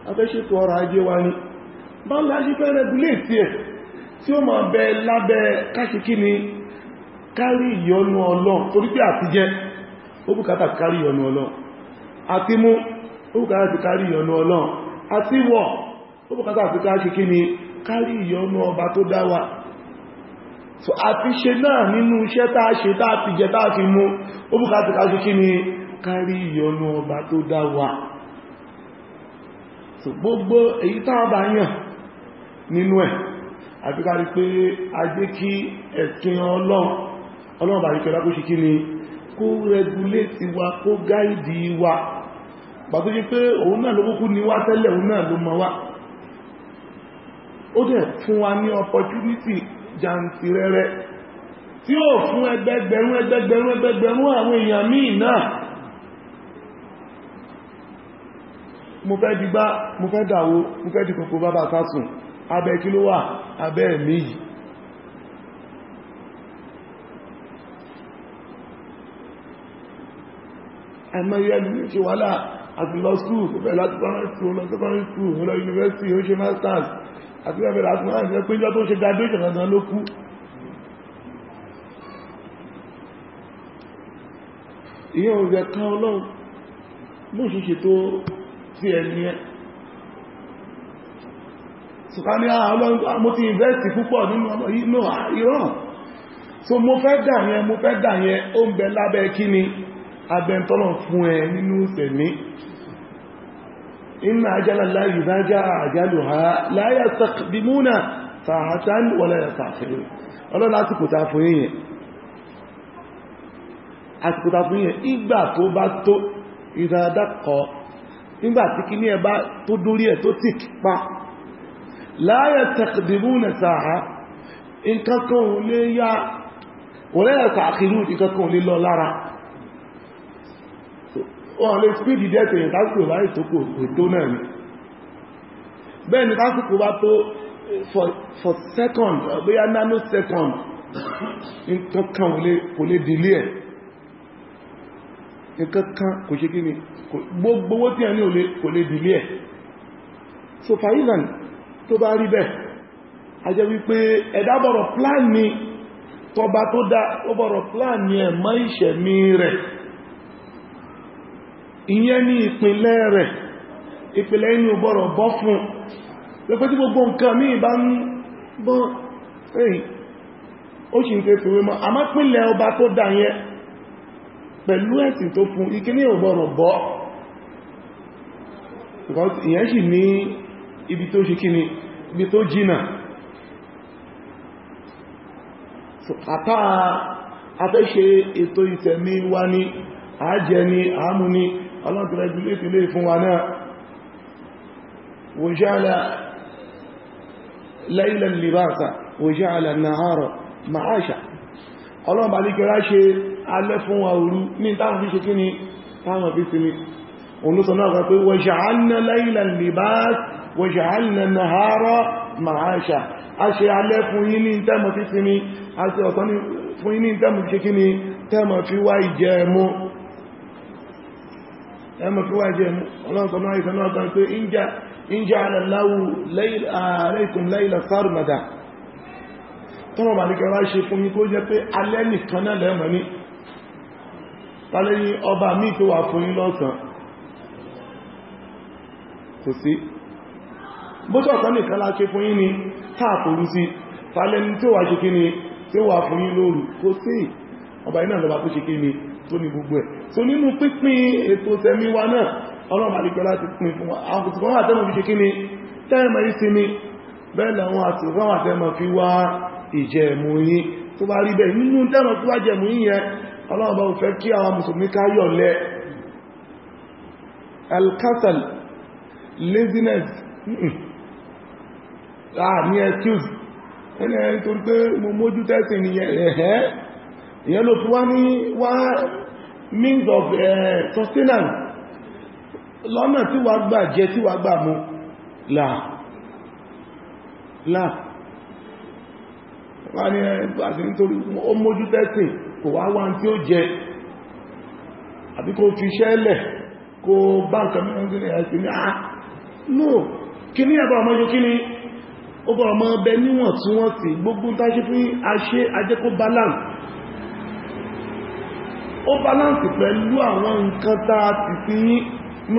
afẹ́ṣètò ọrọ̀ ajé wa ní bá ń láṣí fẹ́ regulate ẹ̀ tí ó máa bẹ lábẹ́ káṣíkí ni kárí ìyọnu ọlọ́n torí pé àti jẹ ó bùkátà kárí ìyọnu ọlọ́n àti mú ó bùkátà ti kárí ìyọnu ọlọ́n àti wọ̀ ni kárí ìyọnu ọba tó dá wa so àti ṣe náà nínú iṣẹ́ so gbogbo èyí táwọn bá yàn nínú ẹ̀ àbíkárí pé a jẹ́ kí ẹ̀sìn ọlọ́run ọlọ́run bá rí kẹ́lá kó ṣe kí ni kó rẹgulétì wa kó gáìdì wa pàtó jẹ́ pé òun náà ló kúkú ní wá tẹ́lẹ̀ òun náà ló mọ̀ wá ó dẹ̀ fún wa ní opportunity jàǹtìrẹrẹ tí ó fún ẹgbẹgbẹ̀rún ẹgbẹgbẹ̀rún ẹgbẹgbẹ̀rún àwọn èèyàn míì náà mo fẹ́ dìgbà mo fẹ́ dàwó mo fẹ́ dìkòkò bàbá sásùn abẹ́ kí ló wà abẹ́ ẹ̀mí yìí ẹ̀mọ́ yẹ́ ní ṣe wà láà àti lọ skúù tó fẹ́ láti primary school lọ secondary school lọ university ó ṣe masters àti ẹ̀fẹ́ láti máa ṣe pé ìjọ tó ṣe graduation gangan ló kú ìyẹn òun sí ẹni ẹ ṣùkání àwọn mo ti invest púpọ̀ nínú ìran so mo fẹ́ dà yẹn mo fẹ́ dà yẹn ó ń bẹ lábẹ́ kí ni abẹ́ntọ́lọ̀ fún ẹ nínú ìsẹ̀mí inna ajala la yuzaja ajaluha la yastaqdimuna sa'atan nígbàtí kí ní ẹbá tó dórí ẹ̀ tó tìkì pa láyẹ̀ tẹ̀kìdìmú nẹ̀ sàáhá nkankan ò lè yá wọ́lẹ́yẹ̀ tààkìrú nkankan ò lè lọ lára wọ́n lè spídì dẹ́tẹ̀ ìtàkùn láì tókò ètò náà ni bẹ́ẹ̀ ni tásìkò bá tó for second bóyá nanosecond nkankan nǹkan kan kò ṣe kí ni gbogbo owó tí a ní kò lè so fàílàn tó bá rí bẹ́ẹ̀ a jẹ́ wípé ẹ̀dá bọ̀rọ̀ plan ni tọba tó dá ó bọ̀rọ̀ plan ni mọ́ ìṣẹ̀mí rẹ̀ ìyẹn ní ìpínlẹ̀ rẹ̀ ìpínlẹ̀ inú bọ̀rọ̀ bọ́ fún ọba tó dá yẹn pẹ̀lú ẹ̀tì tó fún ìkíní ọ̀gbọ̀rọ̀ bọ́ ìyẹn sì ní ibi tó ṣe kíni ibi tó jìnà àtà afẹ́ṣe ètò ìtẹ̀mí wa ní àájẹ ní àámú ní fún wa náà ọlọ́run bàbí kẹrà ṣe alẹ́ fún wa òru ní táwọn fi ṣe kí ni táwọn fi sinmi òun ló sọ náà kan pé waj'alna layla libas waj'alna nahara ma'asha a ṣe alẹ́ fún yín ní tẹ́mọ̀ fi sinmi a ṣe ọ̀sán fún yín ní tẹ́mọ̀ fi ṣe kí ni tẹ́mọ̀ tọ́rọ bà ní kẹwà ṣe fún mi kó jẹ́ pé alẹ́ nìkan náà lẹ́mọ̀ ní tàlẹ́yìn ọba mi tó wà fún yín lọ́sàn kò sí bóṣọ̀ kan nìkan la fún yín ni táàkùrú sí tàlẹ́ni tí ó wà ṣe kí ni tí ó wà fún yín lóru kò sí ọba iná lọba tó ṣe kí ni tó ní gbogbo ẹ̀ so nínú pínpín ètò tẹ̀mí wa náà ọlọ́run àdìgbẹ́ láti pín fún wa àwọn kòtùkọ́ fi ṣe kí ni tẹ́mọ̀ ìsinmi bẹ́ẹ̀ làwọn àtìkọ́ ìjẹ̀mú yín tó bá rí bẹ̀rẹ̀ nínú tẹ́rọ tó wá jẹ̀mú yín yẹn ọlọ́run bá fẹ́ kí àwọn musulmi ká yọ̀lẹ̀ alkasal laziness ní excuse ẹni ẹni tó pé mo mójú tẹ́sì ìyẹn ló fi wá ní wá means of eh, sustenance lọ́nà tí wà gbà tí wà gbà mú láà láà wọ́n ní ẹgbẹ́ eh, àti nítorí ó mójú tẹ́sìn kò wá wá tí ó jẹ àbí kò fi iṣẹ́ lẹ̀ kò bá nǹkan mẹ́rin ní ẹ̀sìn ní àá ah, no kí ní ẹ̀bọ̀ ọmọ yóò kí ni ó bọ̀ ọmọ ọbẹ̀ níwọ̀n tí wọ́n sì gbogbo táṣí fún aṣe ajẹ́kó balance ó balance pẹ̀lú àwọn nǹkan tá a ti fi yín nú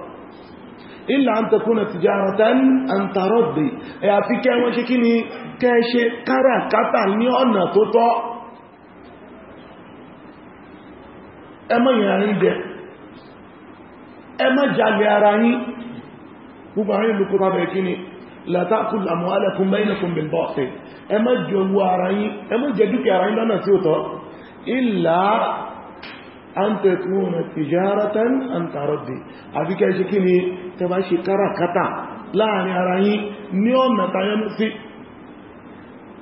ìlà ń tẹkúnà tijaratan an taraddi ẹ̀ àfi kẹ́ wọ́n ṣe kí ni kẹ́ ṣe káràkátà ní ọ̀nà tó tọ́ ẹmọ́ ìrìn jẹ ẹmọ́ jalè ara yín púpọ̀ àwọn ìlú kó bá bẹ̀rẹ̀ kí ni látàkùn àmúhálẹ̀kùn bẹ́ẹ̀nàkùn bẹ̀bọ̀ọ̀tẹ̀ ẹmọ́ jẹ owó ara àfi kẹ́ kí ni tẹ́ bá ṣe káràkátà láàrin ara yín ní ọ̀nà tayọ́nú sí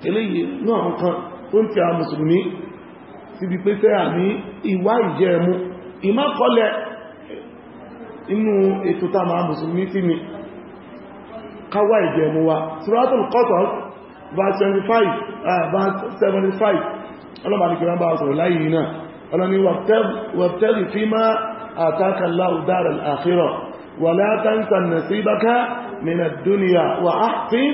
eléyìí náà nǹkan tó ń tẹ àwọn mùsùlùmí síbi pé fẹ́ àmì ìwá ìjẹ́ ẹ̀mú ìmákọlẹ̀ inú ètò tàmà mùsùlùmí tí ni káwà ìjẹ́ ẹ̀mú wa suratul Qasas verse 75 verse 75 ọlọ́màdìkìrán bá sọ̀rọ̀ láyìí náà ọlọ́ni wabtaghi fima ataka Allahu daral ولا تنسى نصيبك من الدنيا وأحسن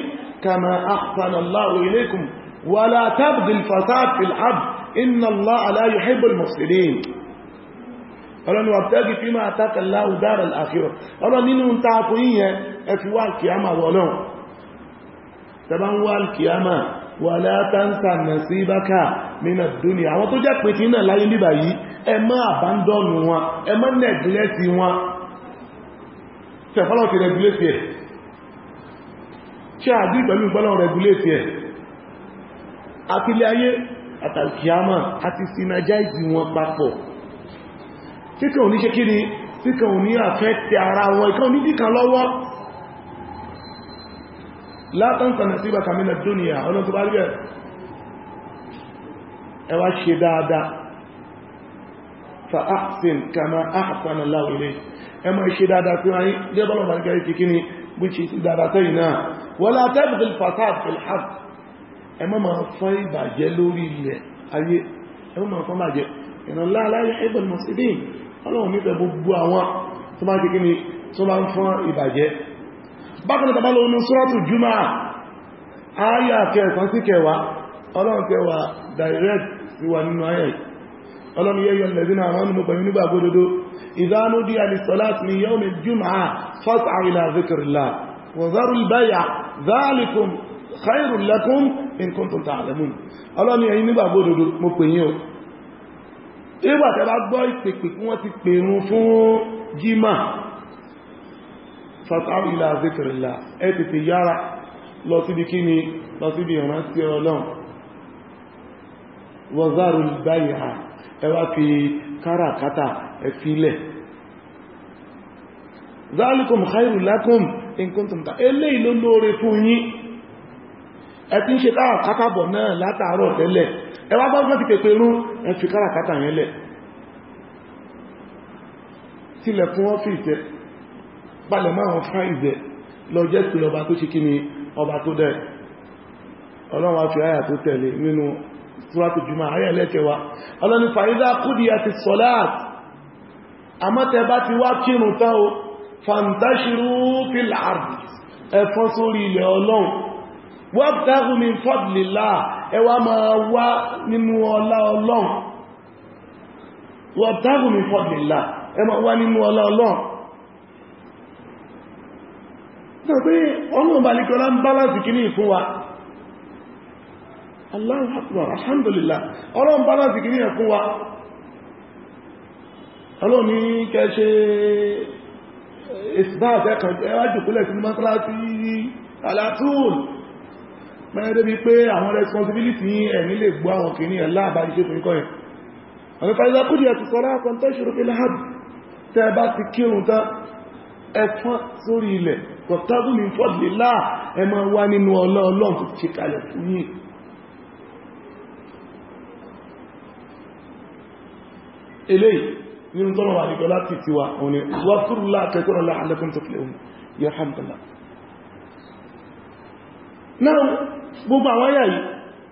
كما أحسن الله إليكم ولا تبغي الفساد في الأرض إن الله لا يحب المفسدين ọlọ́ni wà tẹ́gì fi máa tàkàlá òdára àkíwọ̀ ọlọ́ nínú ń ta fún yíyẹn ẹ fi wá alkiyama wọ náà tẹbá ń wá alkiyama wà látàntà nà sí bákà nínà dúnìyà àwọn tó jẹ́ pẹ̀tí náà láyé níbà yìí ẹ má àbándọ́nù wọn ẹ má nẹ̀gílẹ́tì wọn tẹ̀fọ́lọ́ ti regulate ẹ̀ tí a bí pẹ̀lú ìgbọ́lọ̀ regulate ẹ̀ àtìlẹ̀ ayé àtàkìyàmà àti synergize wọn papọ̀ kíkà ò ní ṣe kíni kíkà ò ní àfẹ́tẹ̀ ara wọn ìkan ní díkan lọ́wọ́ látàntànà sí fa ahsin kama ahsan Allah ilayk ẹ máa ṣe dáadáa fún ayé jẹ́bọ́lọ̀ bá ń kẹrì ti kí ni bí ṣe ti dáadáa tẹ́yìn náà wala tabghil fasad fil ard ẹ má máa fọ́n ìbàjẹ́ lórí ilẹ̀ ayé ẹ má máa fọ́n bàjẹ́ ìrànlá aláìhẹ́bẹ̀lì mọ̀sídìn ọlọ́run nífẹ̀ẹ́ gbogbo àwọn ọlọ́ni yẹ́yọ lẹ́bínà àwọn ọmọ pẹ̀lú nígbà gbódódó ìdánú di alìsọ́láti ni yọ́ mi jùmọ̀ fọ́s àrìlà zikirila wọ̀zọ́rù ìbáyà záàlìkùn khairun lakum in kuntum ta'lamun ọlọ́ni ẹ̀yin nígbà gbódódó mo pè yín o ìgbà tẹ́ bá gbọ́ ìpèpè kí wọ́n ti pèrún fún jímà fọ́s àrìlà zikirila ẹ tètè yára lọ ẹ wá fi káràkátà ẹ fílẹ̀ zalikum khairu lakum in kuntum ta eléyìí ló lóore fún yín ẹ ti ń ṣe káràkátà bọ̀ náà látàárọ̀ tẹ́lẹ̀ ẹ wá gbọ́gbọ́n ti pèpè rún ẹ fi káràkátà yẹn lẹ̀ tilẹ̀ fún ọ́fíìsì balẹ̀ máa wọn fáìsẹ̀ lọ jẹ́ fi àyà tó tẹ̀lé nínú suratu juma ayẹ́ lẹ́kẹwa ọlọ́ni fàídá kúdíyà ti sọ́láàt àmọ́tẹ̀bá ti wá kírun tán o fàntàṣírú fìlàr ẹ̀fọ́n sórí ilẹ̀ ọlọ́run wabtaghu min fadlillah ẹwà máa wá nínú ọlá ọlọ́run wabtaghu min fadlillah ẹ máa wá nínú ọlá ọlọ́run náà pé ọlọ́run balikọ́lá ń bá Allahu Akbar alhamdulillah ọlọ́run balance kìí yẹn fún wa ọlọ́run ní kẹ́ṣe ìsìbáàtẹ́ kan ẹwàjò kúlẹ̀ sí mọ́sálásí alátún mẹ́rẹ́ bí pé àwọn responsibility ẹ̀mí lè gbọ́ àwọn kìí ẹ̀ láàbáyé ṣe fún ikọ́ ẹ̀ ọ̀fẹ́fẹ́ kúrò ẹ̀tù sọ́rọ̀ àkọntẹ́ṣòro pé láàbù tẹ́ bá ti kírun tán ẹ̀fọ́n sórí ilẹ̀ kọ̀tọ́gùn ní fọ́dìlá ẹmọ eléyìí nínú tọ́nà wà ní gọlá ti tiwa òní wà fúrúlá kẹkọ́rọ̀ láàrẹ́kùn tó kìlẹ̀ òní yóò hàmdùlá náà gbogbo àwọn ayà yìí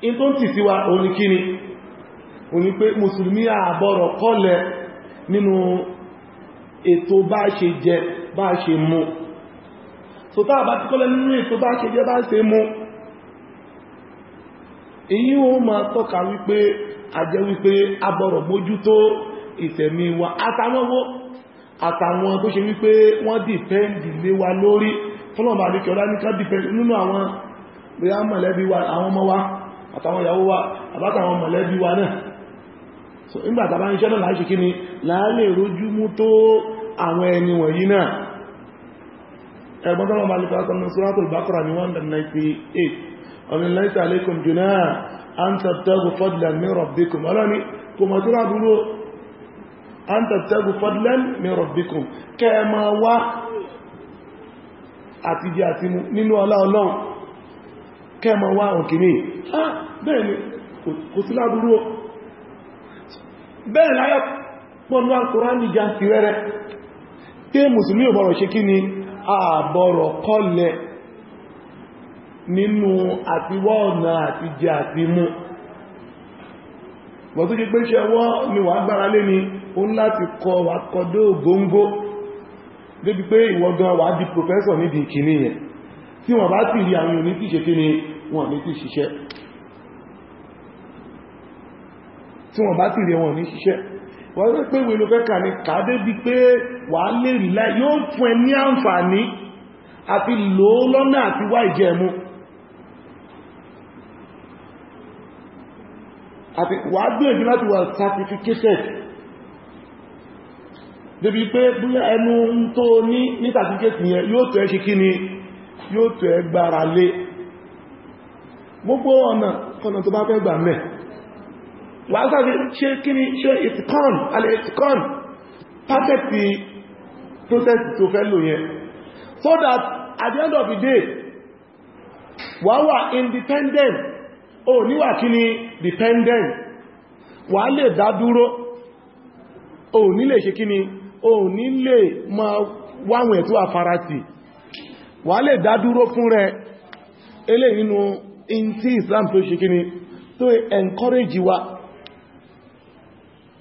in tó ń ti tiwa òní kíni òní pé mùsùlùmí àbọ̀rọ̀ kọ́lẹ̀ nínú ètò bá ṣe jẹ bá ṣe mu èyí ó máa tọ́ka wípé àjẹ́ wípé abọ̀rọ̀ mójútó ìtẹ̀mí wa àtàwọnwó àtàwọn tó ṣe wípé wọ́n dìpẹ́ndì lé wa lórí fọ́lọ̀mà àríkẹ́ọ́lá ní ká dìpẹ́ndì nínú àwọn bóyá mọ̀lẹ́bí wa àwọn ọmọ wa àtàwọn ìyàwó wa àbátàwọn mọ̀lẹ́bí wa náà so nígbà tá bá ń iṣẹ́ náà láìṣe kí ni láàálè rójú mú tó àwọn ẹni wọ̀nyí náà ẹgbọ́n tó lọ́mà àríkẹ́ọ́lá sọ́nà Suratul Baqara ní 198 ọmọ ìlẹ́sẹ̀ àlékùn jùlọ àǹtàtàgù fọ́dìlà mẹ́rọ̀ bíkùn ọlọ́ni kò mọ̀ an tàbí fadlan min rabbikum kẹ́ ma wá àti jẹ àti mú nínú ọlá ọlọ́run kẹ́ ma wá òkìní bẹ́ẹ̀ni kò sí lábúrú o bẹ́ẹ̀ni láyọ́ pọ̀nú Al-Kùránì jà ti rẹ́rẹ́ tí mùsùlùmí ọ̀bọ̀rọ̀ ṣe kí ni àbọ̀rọ̀ kọlẹ̀ nínú àtiwọ́ ọ̀nà àti jẹ àti mú wọ́n tó pé ṣe wọ́ ni wà gbára lé ni ó ń láti kọ wà kọdó góngó débi pé ìwọ̀gan wà di professor níbi ìkíní yẹn tí wọ́n bá ti rí àwọn òní tí ṣe ni wọ́n ní ti ṣiṣẹ́ tí wọ́n bá ti rí wọn ní ṣiṣẹ́ wọ́n rẹ̀ pé ìwé ló fẹ́ kà ní kàádé bí pé wà á lè rí láì yóò fún ẹ ní àǹfààní àti lò ó débi pé bóyá ẹnu ń tó ní ní sàtífíkẹ́tì yẹn yóò tó ẹ ṣe kí ni yóò tó ẹ gbára lé gbogbo ọ̀nà ọ̀nà tó bá fẹ́ gbà mẹ́ wà á sáfẹ́ ṣe kí ni ṣe ìtìkọ́n alẹ́ ìtìkọ́n pàtẹ́kì process tó fẹ́ lò yẹn so that at the end of the day wà wà independent o níwà kí ni dependent wà lè dá dúró o ní lè ṣe kí ni o ní lè ma wáwọn ẹ̀tọ́ wà lè dúró fún rẹ elé nínú in Islam tó ṣe kíni tó encourage wa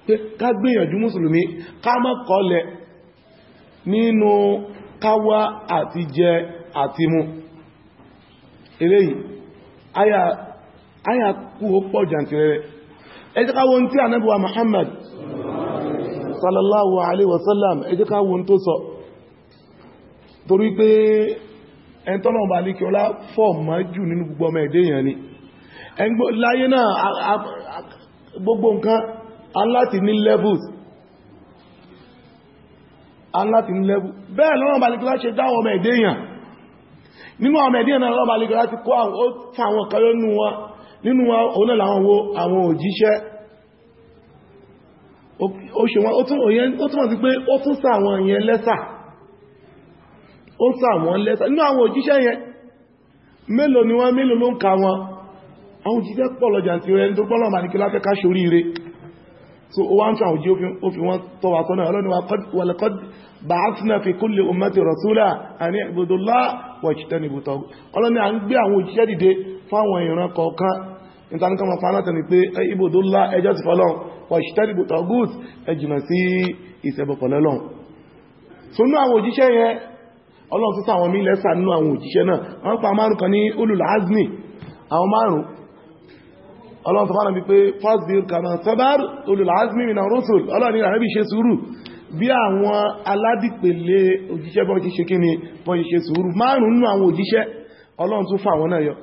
pé ká gbìyànjú mùsùlùmí ká kọlẹ̀ nínú káwá àti jẹ àti mu aya kú ó pọ̀ sallallahu alaihi wasallam ẹjẹ́ ká wo tó sọ torí pé ẹn tọ́nà ọba alékẹ́ ọlá fọ́ ma jù nínú gbogbo ọmọ ẹ̀dẹ́ èèyàn ni láyé náà gbogbo nǹkan aláti ní levels aláti ní levels bẹ́ẹ̀ lọ́nà ọba alékẹ́ ọlá ṣe dáwọ ọmọ ẹ̀dẹ́ èèyàn nínú ọmọ ẹ̀dẹ́ èèyàn lọ́nà ọba alékẹ́ ọlá ti kó àwọn kan nínú wọn nínú wọn òun náà làwọn wo àwọn òjíṣẹ́ ó ṣe wọn ó túnmọ̀ sí pé ó tún sà àwọn èèyàn lẹ́sà ó sà àwọn lẹ́sà nínú àwọn òjíṣẹ́ yẹn mélòó ni wọ́n mélòó ló ń ka wọn àwọn òjíṣẹ́ pọ̀ lọ́jà ti rẹ̀ tó gbọ́lọ̀ màníkí láfẹ́ká ṣorí rẹ̀ so ó wá ń tún àwọn òjí ó fi wọ́n tọ́ wa sọ́nà ọlọ́ni wa laqad ba'athna fi kulli ummati rasula an i'budu Allah nítorí kan mọ̀ pa aláta ni pé ibùdó ńlá ẹjọ́ ti fọ́lọ́n wọ́n ìṣẹ́dìbò tọ́gùt ẹjìnà sí ìṣẹ́bọ̀pọ̀ lọ́lọ́n so nú àwọn òjíṣẹ́ yẹn ọlọ́run títà àwọn mílẹ̀ sà nínú àwọn òjíṣẹ́ náà wọ́n pa márùn kan ní olùlázmi kama sabar olùlázmi minar rusul ọlọ́run ní àrẹ́bí ṣe sùúrù bí àwọn aládìpele òjíṣẹ́ bọ́n ti ṣe kíni bọ́n ti ṣe sùúrù márùn nínú ọlọ́run tún fà wọn náà yọ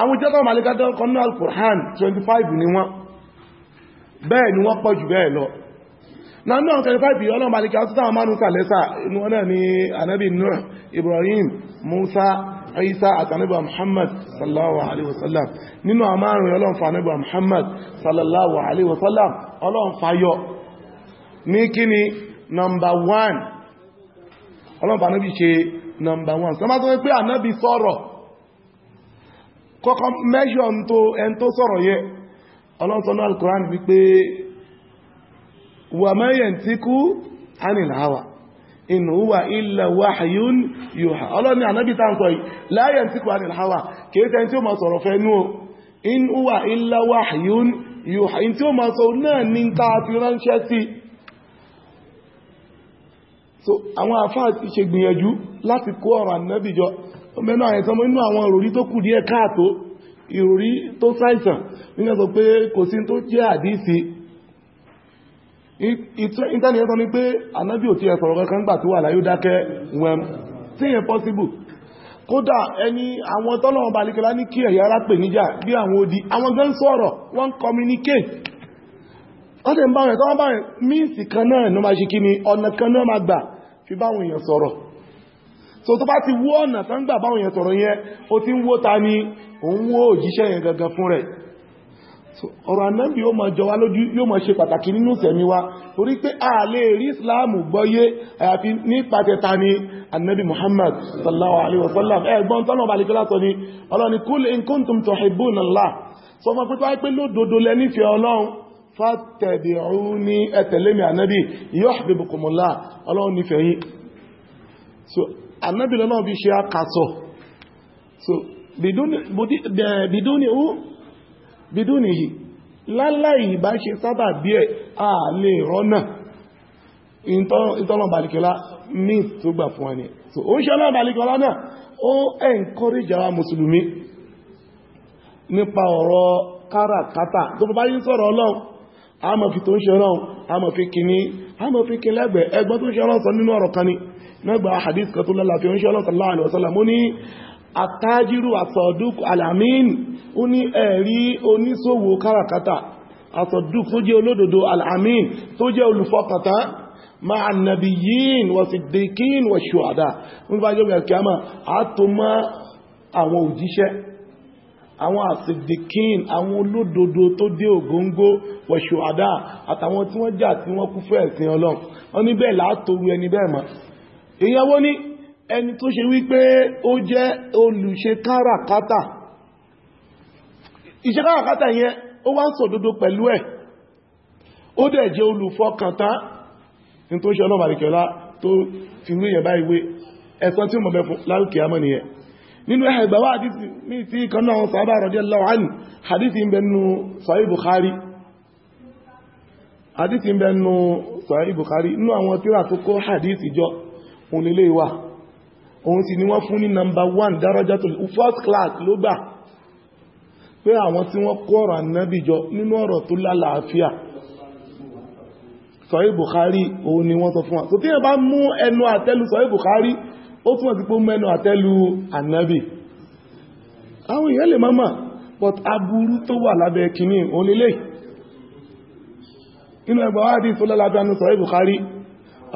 àwọn ìjọ́ tọ́wọ́ malikadọ́ kọ́nà al-Qur'an 25 ni wọ́n bẹ́ẹ̀ ni wọ́n pọ̀ jù bẹ́ẹ̀ lọ na náà 25 yìí ọlọ́run malikà tó táwọn márùn kàlẹ́sà inú wọn náà ni anabi Nuh Ibrahim Musa Isa àtànàbà Muhammad sallallahu alaihi wasallam nínú àmárùn ọlọ́run fa anabi Muhammad sallallahu alaihi wasallam ọlọ́run fayọ ní kíni number one ọlọ́run fa anabi ṣe number one sọ kọ́kọ́ mẹ́ṣọ́ ẹn tó sọ̀rọ̀ yẹ ọlọ́sọ́nà alkùrán wípé wà mẹ́yẹn tí kú ánìláwà in huwa illa wahyun yuha ọlọ́ni ànábì tá ń sọ yìí la yantiqu anil hawa kìí tẹ́ tí ó ma sọ̀rọ̀ fẹ́ so àwọn àfáà ti ṣe gbìyànjú láti kó ọ̀rọ̀ ànábìjọ mẹ́nà àìsàn inú àwọn ìròrí tó kù díẹ̀ káàtó ìròrí tó sáìsàn nínú sọ pé kò sí tó jẹ́ àdísì ìtẹ́niyẹ́sọ ni pé ànábì ò ti ẹ̀ sọ̀rọ̀ kankan gbà tó wà láyé dákẹ́ wẹm tí yẹn possible kódà ẹni àwọn tọ́lọ̀wọ̀n balikẹ́lá ní kí ẹ̀yà ara pè níjà bí àwọn odi àwọn gan sọ̀rọ̀ wọ́n communicate wọ́n tẹ̀ ń bá rẹ̀ tọ́wọ́n bá rẹ̀ míìsì kan náà ní ó ṣe kí ni ọ̀nà kan náà máa gbà fi báwọn èèyàn sọ̀rọ̀ so tó bá ti wó ọ̀nà tán gbà báwọn èèyàn sọ̀rọ̀ yẹn ó ti ń wó ta ni òun wó òjíṣẹ́ yẹn gangan fún rẹ̀ ọ̀rọ̀ ànábì yóò máa jọ wá lójú yóò máa ṣe pàtàkì nínú ìsẹ̀mí wa torí pé a lè rí islamu gbọ́yé àyàfi nípasẹ̀ ta ni ànábì muhammad sallallahu alaihi wasallam ẹgbọ́n tọ́nà bá lè kọ́lá sọ ni ọlọ́ni kúl in kuntum tuhibbuna allah sọ fún pípa pé lódodo lẹ́nífẹ̀ẹ́ ọlọ́run fàtẹ̀bìrúní ẹ̀tẹ̀lémi ànábì yuhibbukumullah ọlọ́run nífẹ̀ẹ́ yín so ànábì lọ́nà bí ṣe àkàtọ̀ so bidúni ó bidúni yìí láláì bá ṣe sábà bí ẹ̀ à lè rọ́nà ìtọ́nà balikọ́lá ní tó gbà fún ẹni so ó ṣe ọlọ́nà balikọ́lá náà ó encourage àwọn nípa ọ̀rọ̀ káràkátà tó bá yí sọ̀rọ̀ ọlọ́run a mọ̀ fi tó ń ṣẹ́rán a mọ̀ fi kìíní a mọ̀ fi kìíní lẹ́gbẹ̀ẹ́ ẹgbọ́n tó ṣẹ́rán sọ nínú ọ̀rọ̀ kan ni nẹ́gbà hadith kan tó lálàfí ń ṣẹ́rán sallallahu alaihi wasallam ó ní àtàjírù àsọ̀dúk alamin ó ní ẹ̀rí النبيين والصديقين والشهداء wọn bá jẹ́ gbẹ̀rẹ̀ kí a máa àwọn àsìdìkín àwọn olódodo tó dé ògóńgó wọ̀ṣọ̀ádá àtàwọn tí wọ́n jà tí wọ́n kú fún ẹ̀sìn ọlọ́run wọ́n ní bẹ́ẹ̀ látòrú ẹni bẹ́ẹ̀ mọ́ ìyàwó ní ẹni tó ṣe wípé ó jẹ́ olùṣe káràkátà ìṣe káràkátà yẹn ó wá ń sòdodo pẹ̀lú ẹ̀ ó dẹ̀ jẹ́ olùfọkàntán ní tó ṣe ọlọ́run àríkẹ́lá tó fi ń gbé yẹn báyìí wé ẹ̀san tí ó mọ̀ bẹ́ fún lálùkìyàmọ́ nìyẹn nínú ẹgbẹ̀ wá àdísì ní tí kaná àwọn sàábà radiyallahu anhu àdísì ń bẹnu Sahih Bukhari àdísì ń bẹnu Sahih Bukhari inú àwọn tíra tó kó àdísì jọ òun ilé wà òun sì ni wọ́n fún ní number one darajatul first class ló gbà pé àwọn tí wọ́n kó ọ̀rọ̀ ànábì jọ nínú ọ̀rọ̀ tó lálàáfíà ó túnmọ̀ sí pó mẹ́nu àtẹ́lù ànábì àwọn èèyàn lè mọ́mọ̀ but aburú tó wà lábẹ́ kìíní onílé inú ẹgbàwà àti ìtọ́lọ́lábẹ́ anú sọ̀rọ̀ Bukhari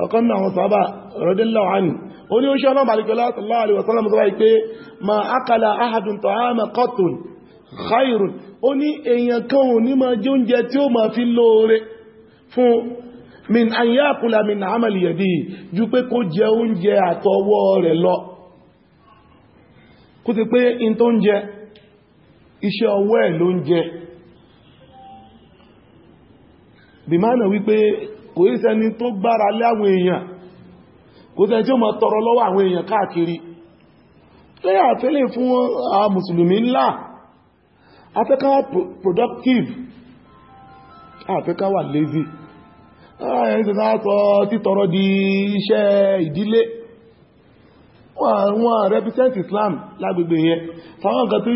ọ̀kan náà wọn sọ́bà rọ́dínláwà ní oní oṣù ọ̀nà balikola sallallahu alaihi wasallam sọ́wà ìpé ma akala ahadun ta'ama qatun ó ní min ayyakula min amali yadi ju pé kó jẹ oúnjẹ àtọwọ́ rẹ̀ lọ kó ti pé in tó ń jẹ iṣẹ́ ọwọ́ ẹ̀ ló ń jẹ bìmánà wípé kò í sẹni tó gbára lé àwọn èèyàn kò sẹni tí ó mọ̀ tọrọ lọ́wọ́ àwọn èèyàn káàkiri lẹ́yà àtẹ́lẹ̀ fún a mùsùlùmí ńlá afẹ́ká productive afẹ́ká wa lazy Ah, ẹ̀sẹ̀ sáàkọ títọrọ di iṣẹ́ ìdílé wọ́n represent Islam lágbègbè yẹn fáwọn nǹkan tí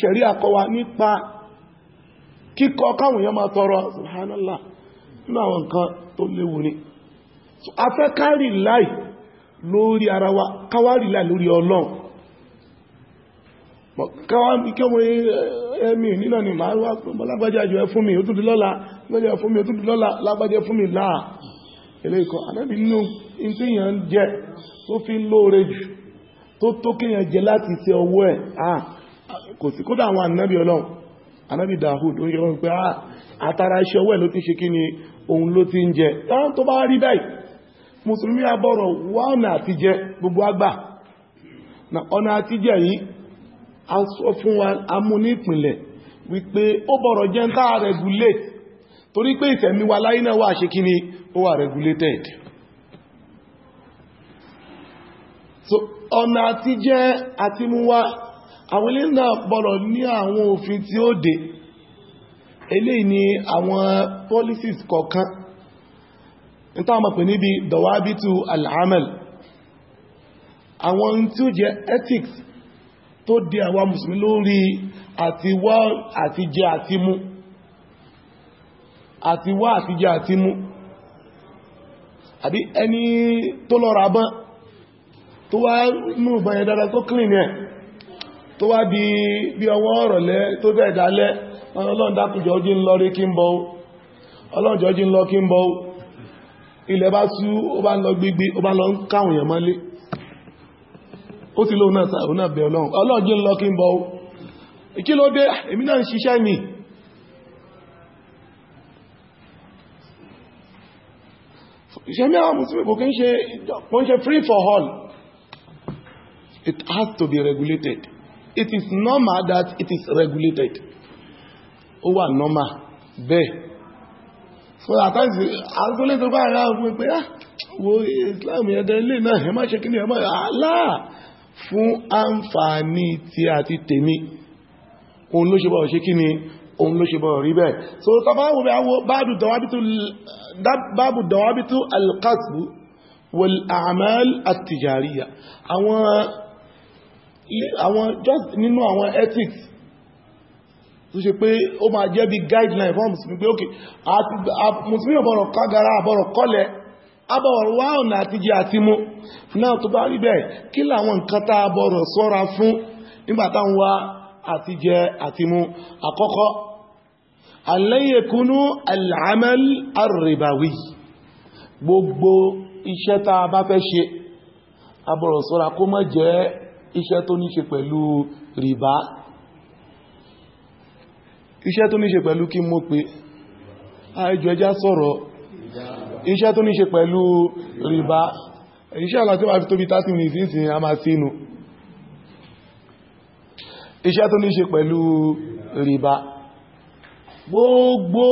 ṣẹ̀rí àkọwà nípa kíkọ káwọn ma tọrọ subhanallah nínú àwọn nǹkan tó léwu ni afẹ́ kárì láì lórí ara wa káwárì láì lórí Ọlọ́run ẹ̀mí nílọ ni máa wá pọ̀ lágbàjá jù ẹ fún mi ó tún di lọ́la lágbàjá fún mi ó tún di lọ́la lágbàjá fún mi láà ilé ikọ̀ anábì nínú ìtìyàn ń jẹ tó fi lóore jù tó tó kéèyàn jẹ láti ṣe ọwọ́ ẹ̀ à kò sí kódà àwọn anábì ọlọ́run anábì Dahud ó yọ pé àtàrà iṣẹ́ ọwọ́ ẹ̀ ló ti ṣe kí ni òun ló ti ń jẹ táwọn tó bá rí báyìí mùsùlùmí abọ́rọ̀ wọ́n àtijẹ gbogbo àgbà ọ̀nà àtijẹ yìí a sọ fún wa amúnípìnlẹ̀ wípé ó bọ̀rọ̀ jẹ́ tá a regulate torí pé ìtẹ̀mí wa láyé náà wà ṣe kí ni ó wà regulated so ọ̀nà àti jẹ́ àti mú wá àwọn ilé náà bọ̀rọ̀ ní àwọn òfin tí ó dé eléyìí ni àwọn policies kọ̀ọ̀kan níta ọmọ pè níbi dawabitu al-amal àwọn tí ó ethics tó dé àwa mùsùlùmí lórí àtiwá àtijẹ àtimú àtiwá àtijẹ àtimú àbí ẹni tó lọ ra bán tó wá nù báyẹ̀ dára tó clean ẹ̀ tó wá di bí ọwọ́ ọ̀rọ̀lẹ́ tó bẹ̀ dálẹ́ ọlọ́run dákùjọ jí ń lọ rí kí ń bọ́ ọlọ́run jọ jí ilẹ̀ bá sú ó bá ń lọ gbígbí ó bá lọ ń káwọn èèyàn ó ti lóun náà sàrún náà bẹ̀ ọlọ́run ọlọ́jọ́ lọ kí n bọ́ kí ló dé èmi náà ń ṣiṣẹ́ ni ṣe mí àwọn mùsùlùmí kò kí ń ṣe kò ń ṣe free for all it has to be regulated it is normal that it is regulated ó wà normal bẹ́ẹ̀ so àtàzì àgbólẹ́sọ̀gbà ara ọgbọ̀n pé ah wo Islam ẹ̀dẹ̀ ilé náà ẹ má ṣe kí ni ẹ má aláà fún àǹfààní tí a ti tèmi òun ló ṣe bọ̀ ṣe kí ni òun ló ṣe bọ̀ rí bẹ́ẹ̀ so tàbáwò bí awọ báàbù dawabitu alkasbu wal a'mal at àwọn just nínú àwọn ethics tó ṣe pé ó máa jẹ́ bí guideline fún mùsùlùmí pé ok mùsùlùmí ọ̀bọ̀rọ̀ kágara àbọ̀rọ̀ kọ́lẹ̀ abọ̀wọ̀wá ọ̀nà àtijẹ́ àti mú náà tó bá rí bẹ́ẹ̀ kí làwọn nǹkan tá a bọ̀rọ̀ sọ́ra fún nígbàtá ń wá àtijẹ́ àti mú àkọ́kọ́ alẹ́yẹkúnú al'amal arribawi gbogbo iṣẹ́ tá a bá fẹ́ ṣe abọ̀rọ̀ sọ́ra kó má jẹ́ iṣẹ́ tó ní ṣe pẹ̀lú rìbá iṣẹ́ tó ní ṣe pẹ̀lú kí mo pé àìjọ ẹjá sọ̀rọ̀ iṣẹ́ tó ní ṣe pẹ̀lú rìbá iṣẹ́ àlá tí wà fi tóbi 30 minutes ní ìsìn a máa sínú iṣẹ́ tó ní ṣe pẹ̀lú rìbá gbogbo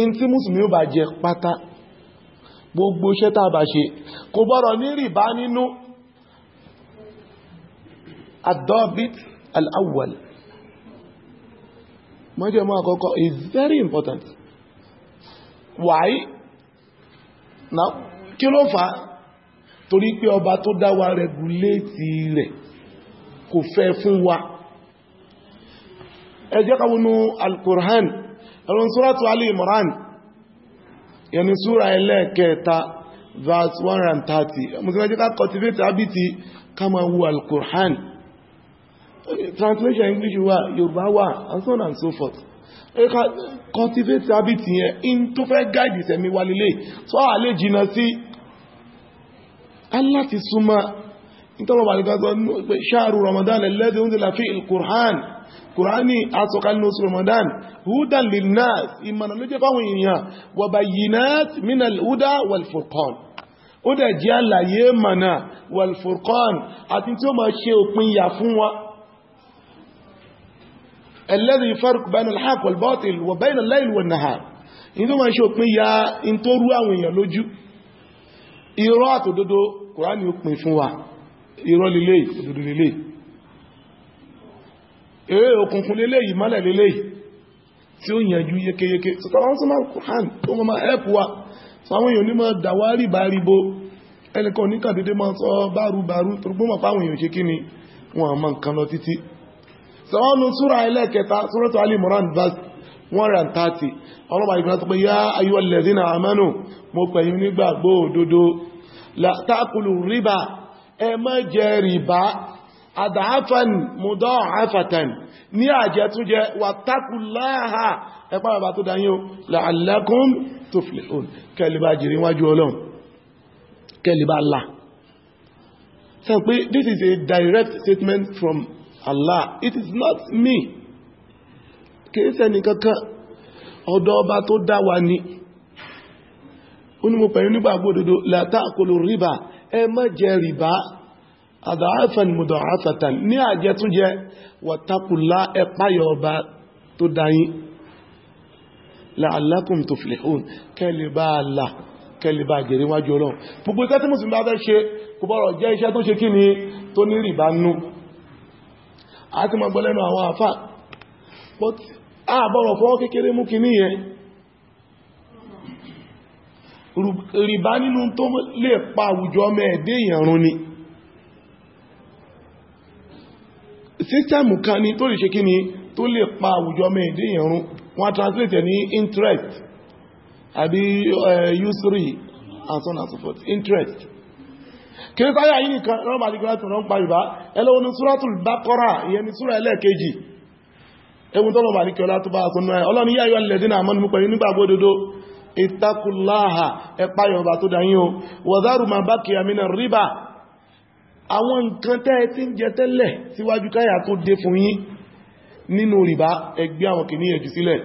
in tí mùsùlùmí ò bá jẹ pátá gbogbo iṣẹ́ tá bá ṣe kò gbọ́dọ̀ ní rìbá nínú adobit al'awwal mọ́jẹ̀ àkọ́kọ́ is very important why kí ló fà á torí pé ọba tó dá wa rẹ̀gúléètì rẹ̀ kò fẹ́ fún wa ẹ jẹ́ ká wọnú al-Qur'an ẹ̀rùn suratu Ali Imran yẹni súra ẹlẹ́ẹ̀kẹta verse 130 musulman jẹ́ ká cultivate habiti kama wu al translation English wa Yorùbá wa and so on and so forth ẹka cultivate habit yẹn in tó fẹ́ guide ìsẹ̀mí wa lílé tó à lè jìnà sí aláti súnmọ́ ìtọ́lọ̀bà ní gbogbo pé ṣáàrù Ramadan lẹ́dẹ̀ oúnjẹ láfí il Kùránì asọ̀kalẹ̀ Ramadan hudan lil-nas ìmọ̀nà ló fáwọn èèyàn wa bayyinat min al-huda ó dẹ̀ jẹ́ àlàyé mọ̀nà wal àti tí ó máa ṣe òpin yà fún wa الذي فرق بين الحق والباطل وبين الليل والنهار inú ma ṣe òpin ya in tó rú àwọn èèyàn lójú irọ́ àtòdodo kùránì òpin fún wa irọ́ lílé òdodo lílé eré òkùnkùn lílé yìí mọ́lẹ̀ lílé tí ó yànjú yékéyéké sọ́tọ́wọ́n tó máa kùrán tó mọ́ máa ẹ́pù wa sáwọn èèyàn ní máa dàwárí báríbo ẹnìkan oníkàdédé máa sọ bárúbárú tó gbọ́mọ̀ fáwọn èèyàn ṣe kí ni wọn àmọ́ nǹkan lọ títí sọ́wọ́nù súra ẹlẹ́kẹta súrọ́tọ̀ alì moran verse 130 ọlọ́pàá ìgbìmọ̀ tó pé yá ayúwà lẹ́dínà àmánù mo pẹ̀yìn nígbàgbọ́ òdodo látàkùlù ríbà ẹ má jẹ rìbá àdáfàn mọ́dọ́ àfàtàn ní àjẹtúnjẹ wà tákùláhà ẹpá bàbá tó dáyín la'allakum tuflihun kẹlìbà jìrì wájú ọlọ́run kẹlìbà Allah so pé this is a direct statement from Allah it is not me kìí sẹ́ni kankan ọ̀dọ̀ ọba tó dá wa ni ó ní mo pẹ̀lú nígbà gbódodo la ta'kulu riba ẹ má jẹ rìbá adha'afan mudha'afatan ní àjẹtúnjẹ wattaqullah ẹ páyọ ọba tó dá yín la'allakum tuflihun kẹlẹ̀bá àlà kẹlẹ̀bá gẹ̀rẹ́ wájú ọlọ́run gbogbo iṣẹ́ tí mùsùlùmí bá fẹ́ ṣe kò bọ́rọ̀ ni tó àti ma gbọ́ lẹ́nu àwọn àfà but àbọ̀rọ̀ fọ́n kékeré mú kìíní yẹn rìbá nínú tó lè pa àwùjọ mẹ́ẹ̀dé ìyàrún ni sísẹ́mù kan ní tó lè ṣe kíní tó lè pa àwùjọ mẹ́ẹ̀dé ìyàrún wọ́n translate ní interest àbí uh, eh, usury and so on and so forth interest kìí sáyà yìí nìkan lọ́nà bá dìgbà tọ̀rọ ń pa ìbá ẹlọ́wọ́ ní súratul Baqara ìyẹn ni súra ẹlẹ́ẹ̀kejì ewu tọ́lọ̀ bá dìkẹ́ ọlá tó bá sọ náà ọlọ́ni yá yọ lẹ́dínà àmọ́ni mú pẹ̀lú nígbàgbọ́ òdodo ìtakùláhà ẹpáyọ̀bà tó dáyín o wọ̀dárù ma bá kìí àmì náà ríbà àwọn nǹkan tẹ́ ti ń jẹ tẹ́lẹ̀ síwájú káyà tó dé fún yín nínú rìbá ẹgbẹ́ àwọn kìíní ẹ̀jù sílẹ̀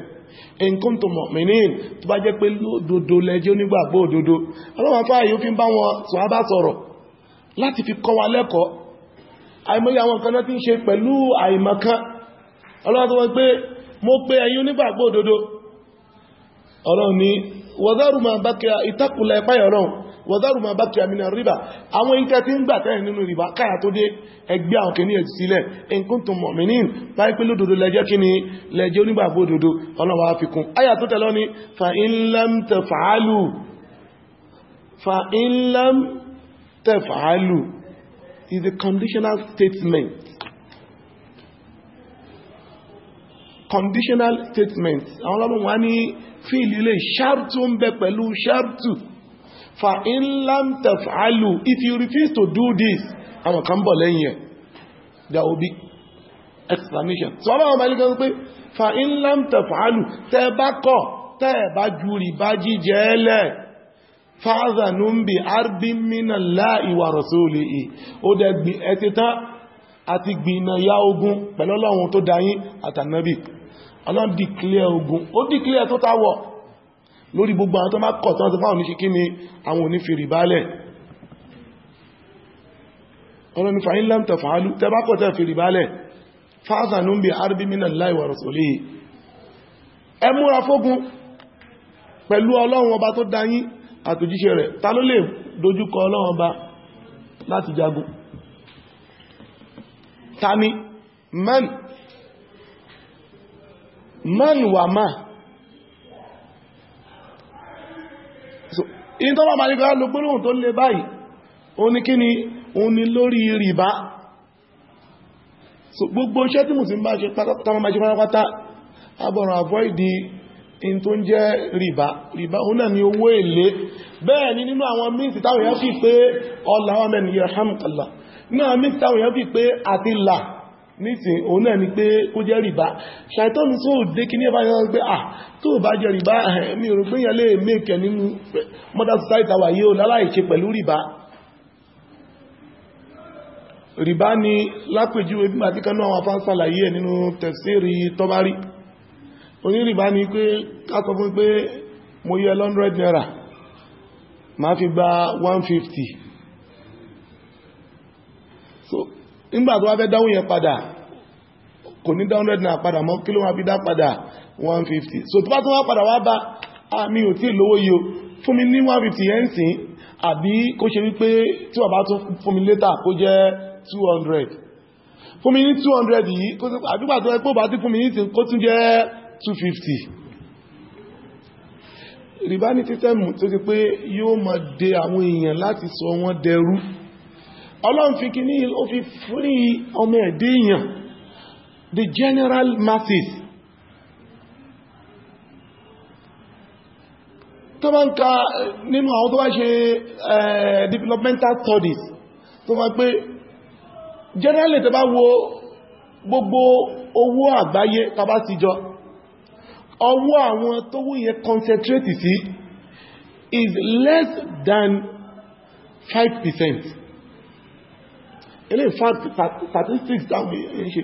nǹkan tó mọ̀mìnín tó bá jẹ́ pé lódodo lẹ́jẹ́ onígbàgbọ́ òdodo ọlọ́wọ́n fáà yóò fi ń bá wọn sọ̀rọ̀ láti fi kọ́ wa lẹ́kọ̀ọ́ àìmọye àwọn kan náà ti ń ṣe pẹ̀lú àìmọ̀kan ọlọ́run tó wọ́n pé mo pé ẹ̀yin onígbàgbọ́ òdodo ọlọ́run ni wọ́dárù ma bá kí a ìtakùlẹ̀ ẹ̀páyà ọlọ́run wọ́dárù ma bá kí a mìíràn ríbà àwọn ìkẹ́ tí ń gbà tẹ́yìn nínú ríbà káyà tó dé ẹgbẹ́ àwọn kìíní ẹ̀jì sílẹ̀ nǹkan tó mọ̀ mí ní fa in lam taf'alu is a conditional statement conditional statement àwọn ọlọ́run wá ní fíìlì ilé ṣáàtù ń bẹ pẹ̀lú ṣáàtù fa in lam taf'alu if you refuse to do this àwọn kan bọ̀ lẹ́yìn ẹ̀ there will be explanation so ọlọ́run bá nígbà pé fa in lam taf'alu tẹ́ bá kọ̀ tẹ́ bá ju rìbá jíjẹ́ lẹ́ẹ̀ fáàzànú ń bí ardi mínà láìwà rọ̀sọ́lì ì ó dẹ̀ gbì ẹ̀tẹ́ tán àti gbìnà ya ogun pẹ̀lú ọlọ́run tó dáyín àtànábì ọlọ́run dìklẹ̀ ogun ó dìklẹ̀ tó táwọ̀ lórí gbogbo àwọn fógun pẹ̀lú ọlọ́run ọba tó dáyín àtòjíṣẹ́ rẹ̀ ta ló lè dojúkọ ọlọ́run ba láti jagun tani man man wà máa in tó bá ma nígbà ló gbólóhùn tó lè báyìí o ní kí ni o ní lórí rìbá so gbogbo iṣẹ́ tí mùsùlùmí bá ṣe pátápátá in tó ń jẹ́ rìbá rìbá òun náà ni owó èlé bẹ́ẹ̀ ni nínú àwọn mìí táwọn èèyàn fi pé ọlá ọmọ ẹni yarhamkallah náà mìí táwọn èèyàn fi pé àti là nítìn òun náà ni pé kó jẹ́ rìbá ṣàìtàn tó dé kí ní ẹbá yẹn pé à ah, tó bá jẹ́ rìbá eh, mi ò rò pé yẹn lè mẹ́kẹ̀ nínú modern society àwà yìí láláìṣe pẹ̀lú rìbá rìbá ni lápèjúwe bí màtíkanú àwọn afánsàlàyé nínú tẹ̀sírí tọ́bárí onye ni pé kásọ fún mo yẹ 100 naira ma fi gba 150 so nígbà tó wá fẹ́ dáwó yẹn padà kò ní dá naira padà mọ́ kí ló wá fi dá padà 150 so tó bá tó wá padà wá bá àmì ò tí lówó yìí o fún mi ní 150 yẹn sìn àbí kó ṣe wípé tí bá tún fún mi létà kó jẹ́ 200 fún mi ní 200 yìí 250 rìbá ní títẹ́mù tó ti pé yóò máa dè àwọn èèyàn láti sọ wọ́n dẹrú ọlọ́run fi kìíní ó fi fúrí ọmọ ẹ̀dẹ́ èèyàn the general masses tó bá ń ka nínú àwọn tó bá ṣe developmental studies tó bá pé generally tó bá wo gbogbo owó àgbáyé tàbá síjọ ọwọ́ àwọn tówó yẹ concentrate sí is less than 5% ilé statistics dáwọn èyàn ṣe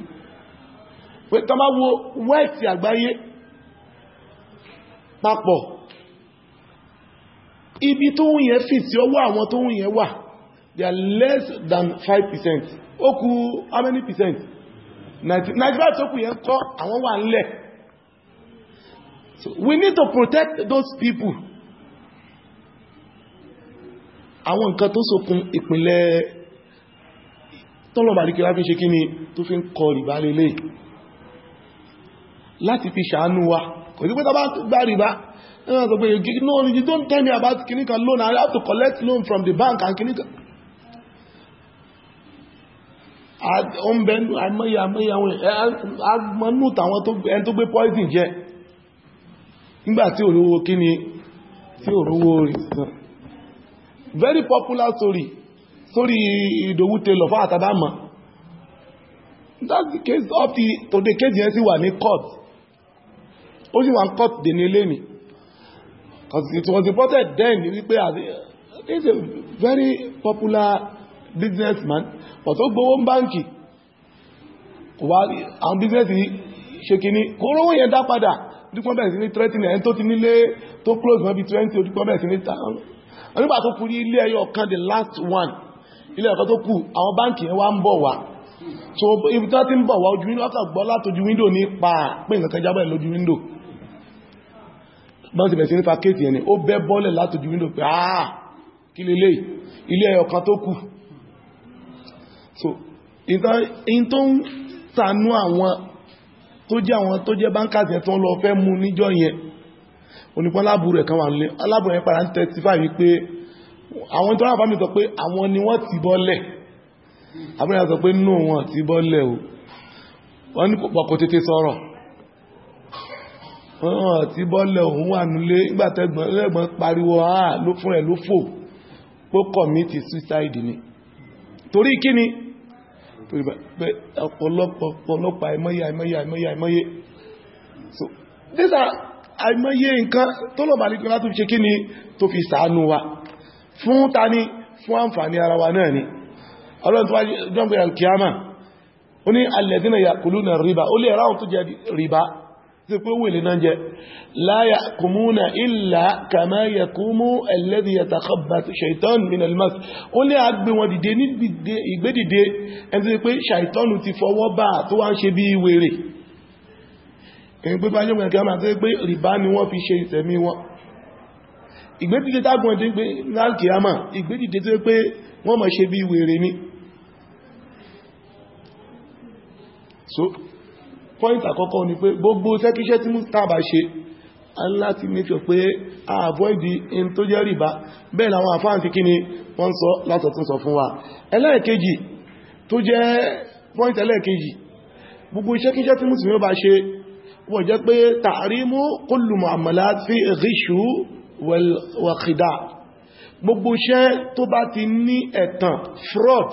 pé tọ́bá wo wẹ́ẹ̀tì àgbáyé papọ̀ ibi tóhun yẹn fi sí ọwọ́ àwọn tóhun yẹn wà they are less than 5% ó kù how many percent 95 tó kù yẹn kọ́ àwọn wà ń lẹ̀ So we need to protect those people. Àwọn nǹkan tó sokùn ìpínlẹ̀ tọ́lọ̀bàdìkì láti ṣe kí ni tó fi ń kọ rìbá lélẹ̀ láti fi ṣàánú wa. Kò sí pé tàbá gbá rìbá, ẹ̀nà sọ pé no, you don't tell me about kìníkà loan, I have to collect loan from the bank and kìníkà. Ọmọ ẹnu àmọ́ ìyàwó ẹ̀ nígbàtí olówó kí ni tí olówó rí very popular story story Ìdòwú Taylor fún àtàbámọ́ that's the case of the today case yẹn sì wà ní court ó sì wà ní court dè ní ilé mi because it was reported then wípé is a very popular businessman but ó gbowó ń báǹkì àwọn business yìí ṣe kìíní kó rówó yẹn dá padà dúpọ́bẹ̀sì ní threatening ẹni tó ti nílé tó close mọ́ bí 20 dúpọ́bẹ̀sì ní town nígbà tó kú ní ilé ẹyọ kan last one ilé ẹ̀kọ́ tó kú àwọn báǹkì yẹn wá ń bọ̀ wá so ibi ti ń bọ̀ wá ojú wíńdò ọkà gbọ́ látojú wíńdò ní pa pé nǹkan lójú nípa kéètì ó bẹ́ bọ́lẹ̀ pé ah, kí ilé so ń àwọn tó jẹ́ àwọn tó jẹ́ báńkàtì ẹ̀ tó lọ fẹ́ mú níjọ́ yẹn onípọ́n aláàbò rẹ̀ kan wà nílé aláàbò yẹn padà ń testify wípé àwọn tó ráfà mi sọ pé àwọn ni wọ́n ti bọ́lẹ̀ abúrẹ́ sọ pé nù wọn ti bọ́lẹ̀ o wọ́n ní pọ̀pọ̀ tètè sọ̀rọ̀ wọ́n ti bọ́lẹ̀ òun wà nílé ìgbàtẹ́gbọ̀n pariwo àà fún ẹ̀ ló fò pó kọ̀mítì suicide ni torí kíni ọ̀pọ̀lọpọ̀ àìmọye àìmọye àìmọye àìmọye so these are àìmọye nǹkan tó lọ́bà ní kọ́lá tó fi ṣe kí ni tó fi ṣàánú wa fún ta ni fún àǹfààní ara wa náà ni ọlọ́run tó wájú jọ́gbẹ̀rẹ̀ kìámà ó ní alladhina riba ó lè ráhùn tó riba tí pé wèlé náà jẹ láyà kùmúnà ìlà kàmá yẹ kúmú ẹlẹ́dì yẹ takọ́bà ṣàìtọ́nù ní elmas ó lé àgbé wọn dìde ní ìgbédìde ẹni tí pé ṣàìtọ́nù ti fọwọ́ bá tó wá ń ṣe bí wèrè èyí pé bá jẹ́gbẹ̀rẹ̀ kẹ́mà tó pé rìbá ni wọ́n fi point àkọ́kọ́ ni pé gbogbo sẹ́kíṣẹ́ tí mú tàbà ṣe aláti mẹ́fẹ́ pé avoid in tó jẹ́ rìbá bẹ́ẹ̀ làwọn àfáàntí kí ni wọ́n sọ látọ̀tún sọ fún wa ẹlẹ́ẹ̀kejì tó jẹ́ point ẹlẹ́ẹ̀kejì gbogbo iṣẹ́kíṣẹ́ tí mùsùlùmí bá ṣe wọ́n jẹ́ pé tààrímú kullu mu'amalat fi ghishu wa fraud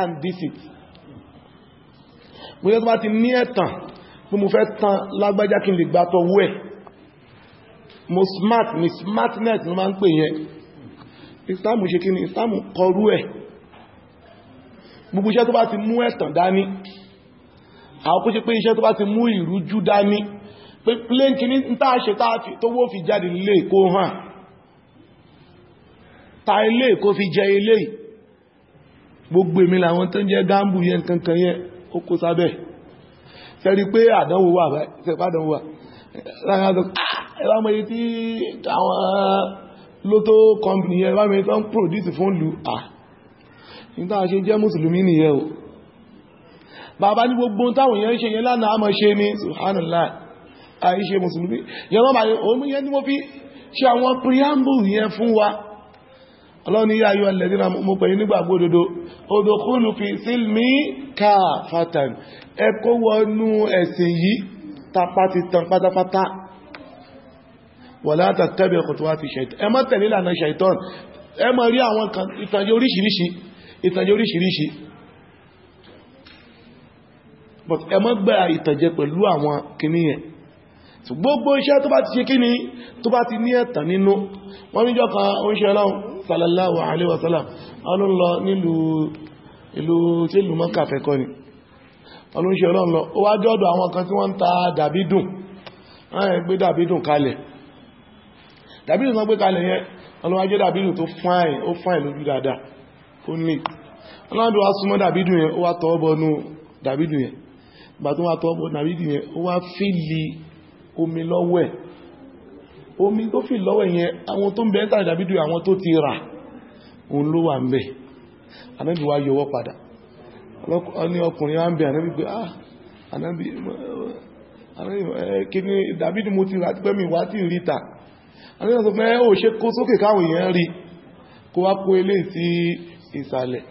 and deceit gbogbo tó bá fún mo fẹ́ tán lágbájá kí n lè gbá tọwọ́ mo smart ni smartness ló máa ń pè yẹn islamu ṣe kí ni islamu kọrú ẹ̀ gbogbo iṣẹ́ tó bá ti mú ẹ̀tàn dání àwọn kó ṣe pé iṣẹ́ tó bá ti mú ìrújú dání pé pléǹkì ní tàà ṣe tó wó fi jáde lè kó hàn ta ilé kó fi jẹ ilé gbogbo èmi làwọn tó ń jẹ gáàmbù yẹn kankan yẹn ó kó sábẹ́ sẹ́rí pé àdánwò wà báyìí sẹ́rí pé àdánwò wà láàrín ẹwà mọ̀ tí àwọn lótó company ẹwà mọ̀ tó ń produce fún lù à nígbà ṣe jẹ́ mùsùlùmí nìyẹn o bàbá ní gbogbo táwọn èèyàn ṣe yẹn lánàá àmọ́ ṣe ní subhanallah àìṣe mùsùlùmí yẹn lọ́bàá omi yẹn ni mo fi ṣe àwọn preamble yẹn fún wa ọlọ́ni yá ayọ́ ẹlẹ́dínà mo pẹ̀lú nígbàgbọ́ òdodo òdòkúlù fi sílmí káàfàtàn ẹkọ́ wọnú ẹ̀sìn yìí tapá ti tàn pátápátá wala tattabi khutuwati shaitan ẹ má tẹ̀lé ìlànà shaitan ẹ má rí àwọn ìtànjẹ oríṣiríṣi ìtànjẹ oríṣiríṣi but ẹ má gbà ìtànjẹ pẹ̀lú àwọn kìíní yẹn gbogbo iṣẹ́ tó bá ti ṣe kíni tó bá ti ní ẹ̀tàn nínú wọ́n níjọ́ kan ó ń ṣe ọlọ́run sallallahu alaihi wasallam ọlọ́run lọ nílùú ìlú tí ìlú mọ́kà fẹ́kọ́ ni ọlọ́nṣẹ́ ọlọ́run lọ ó wá dọ́dọ̀ àwọn kan tí wọ́n ń ta dàbídùn wọ́n gbé dàbídùn kalẹ̀ dàbídùn tó gbé kalẹ̀ yẹn ọlọ́wà jẹ́ dàbídùn tó fine ó fine lójú dáadáa ó ní ọlọ́dún wá súnmọ́ dàbídùn yẹn ó wá tọwọ́ bọnú dàbídùn anábì wá yọwọ́ padà ní ọkùnrin wá ń bẹ anábì pé ah anábì kíní David mo ti ráti pẹ́mì wá tí ríta anábì sọ pé ó ṣe kó sókè káwọn èèyàn rí kó wá kó ilé sí ìsàlẹ̀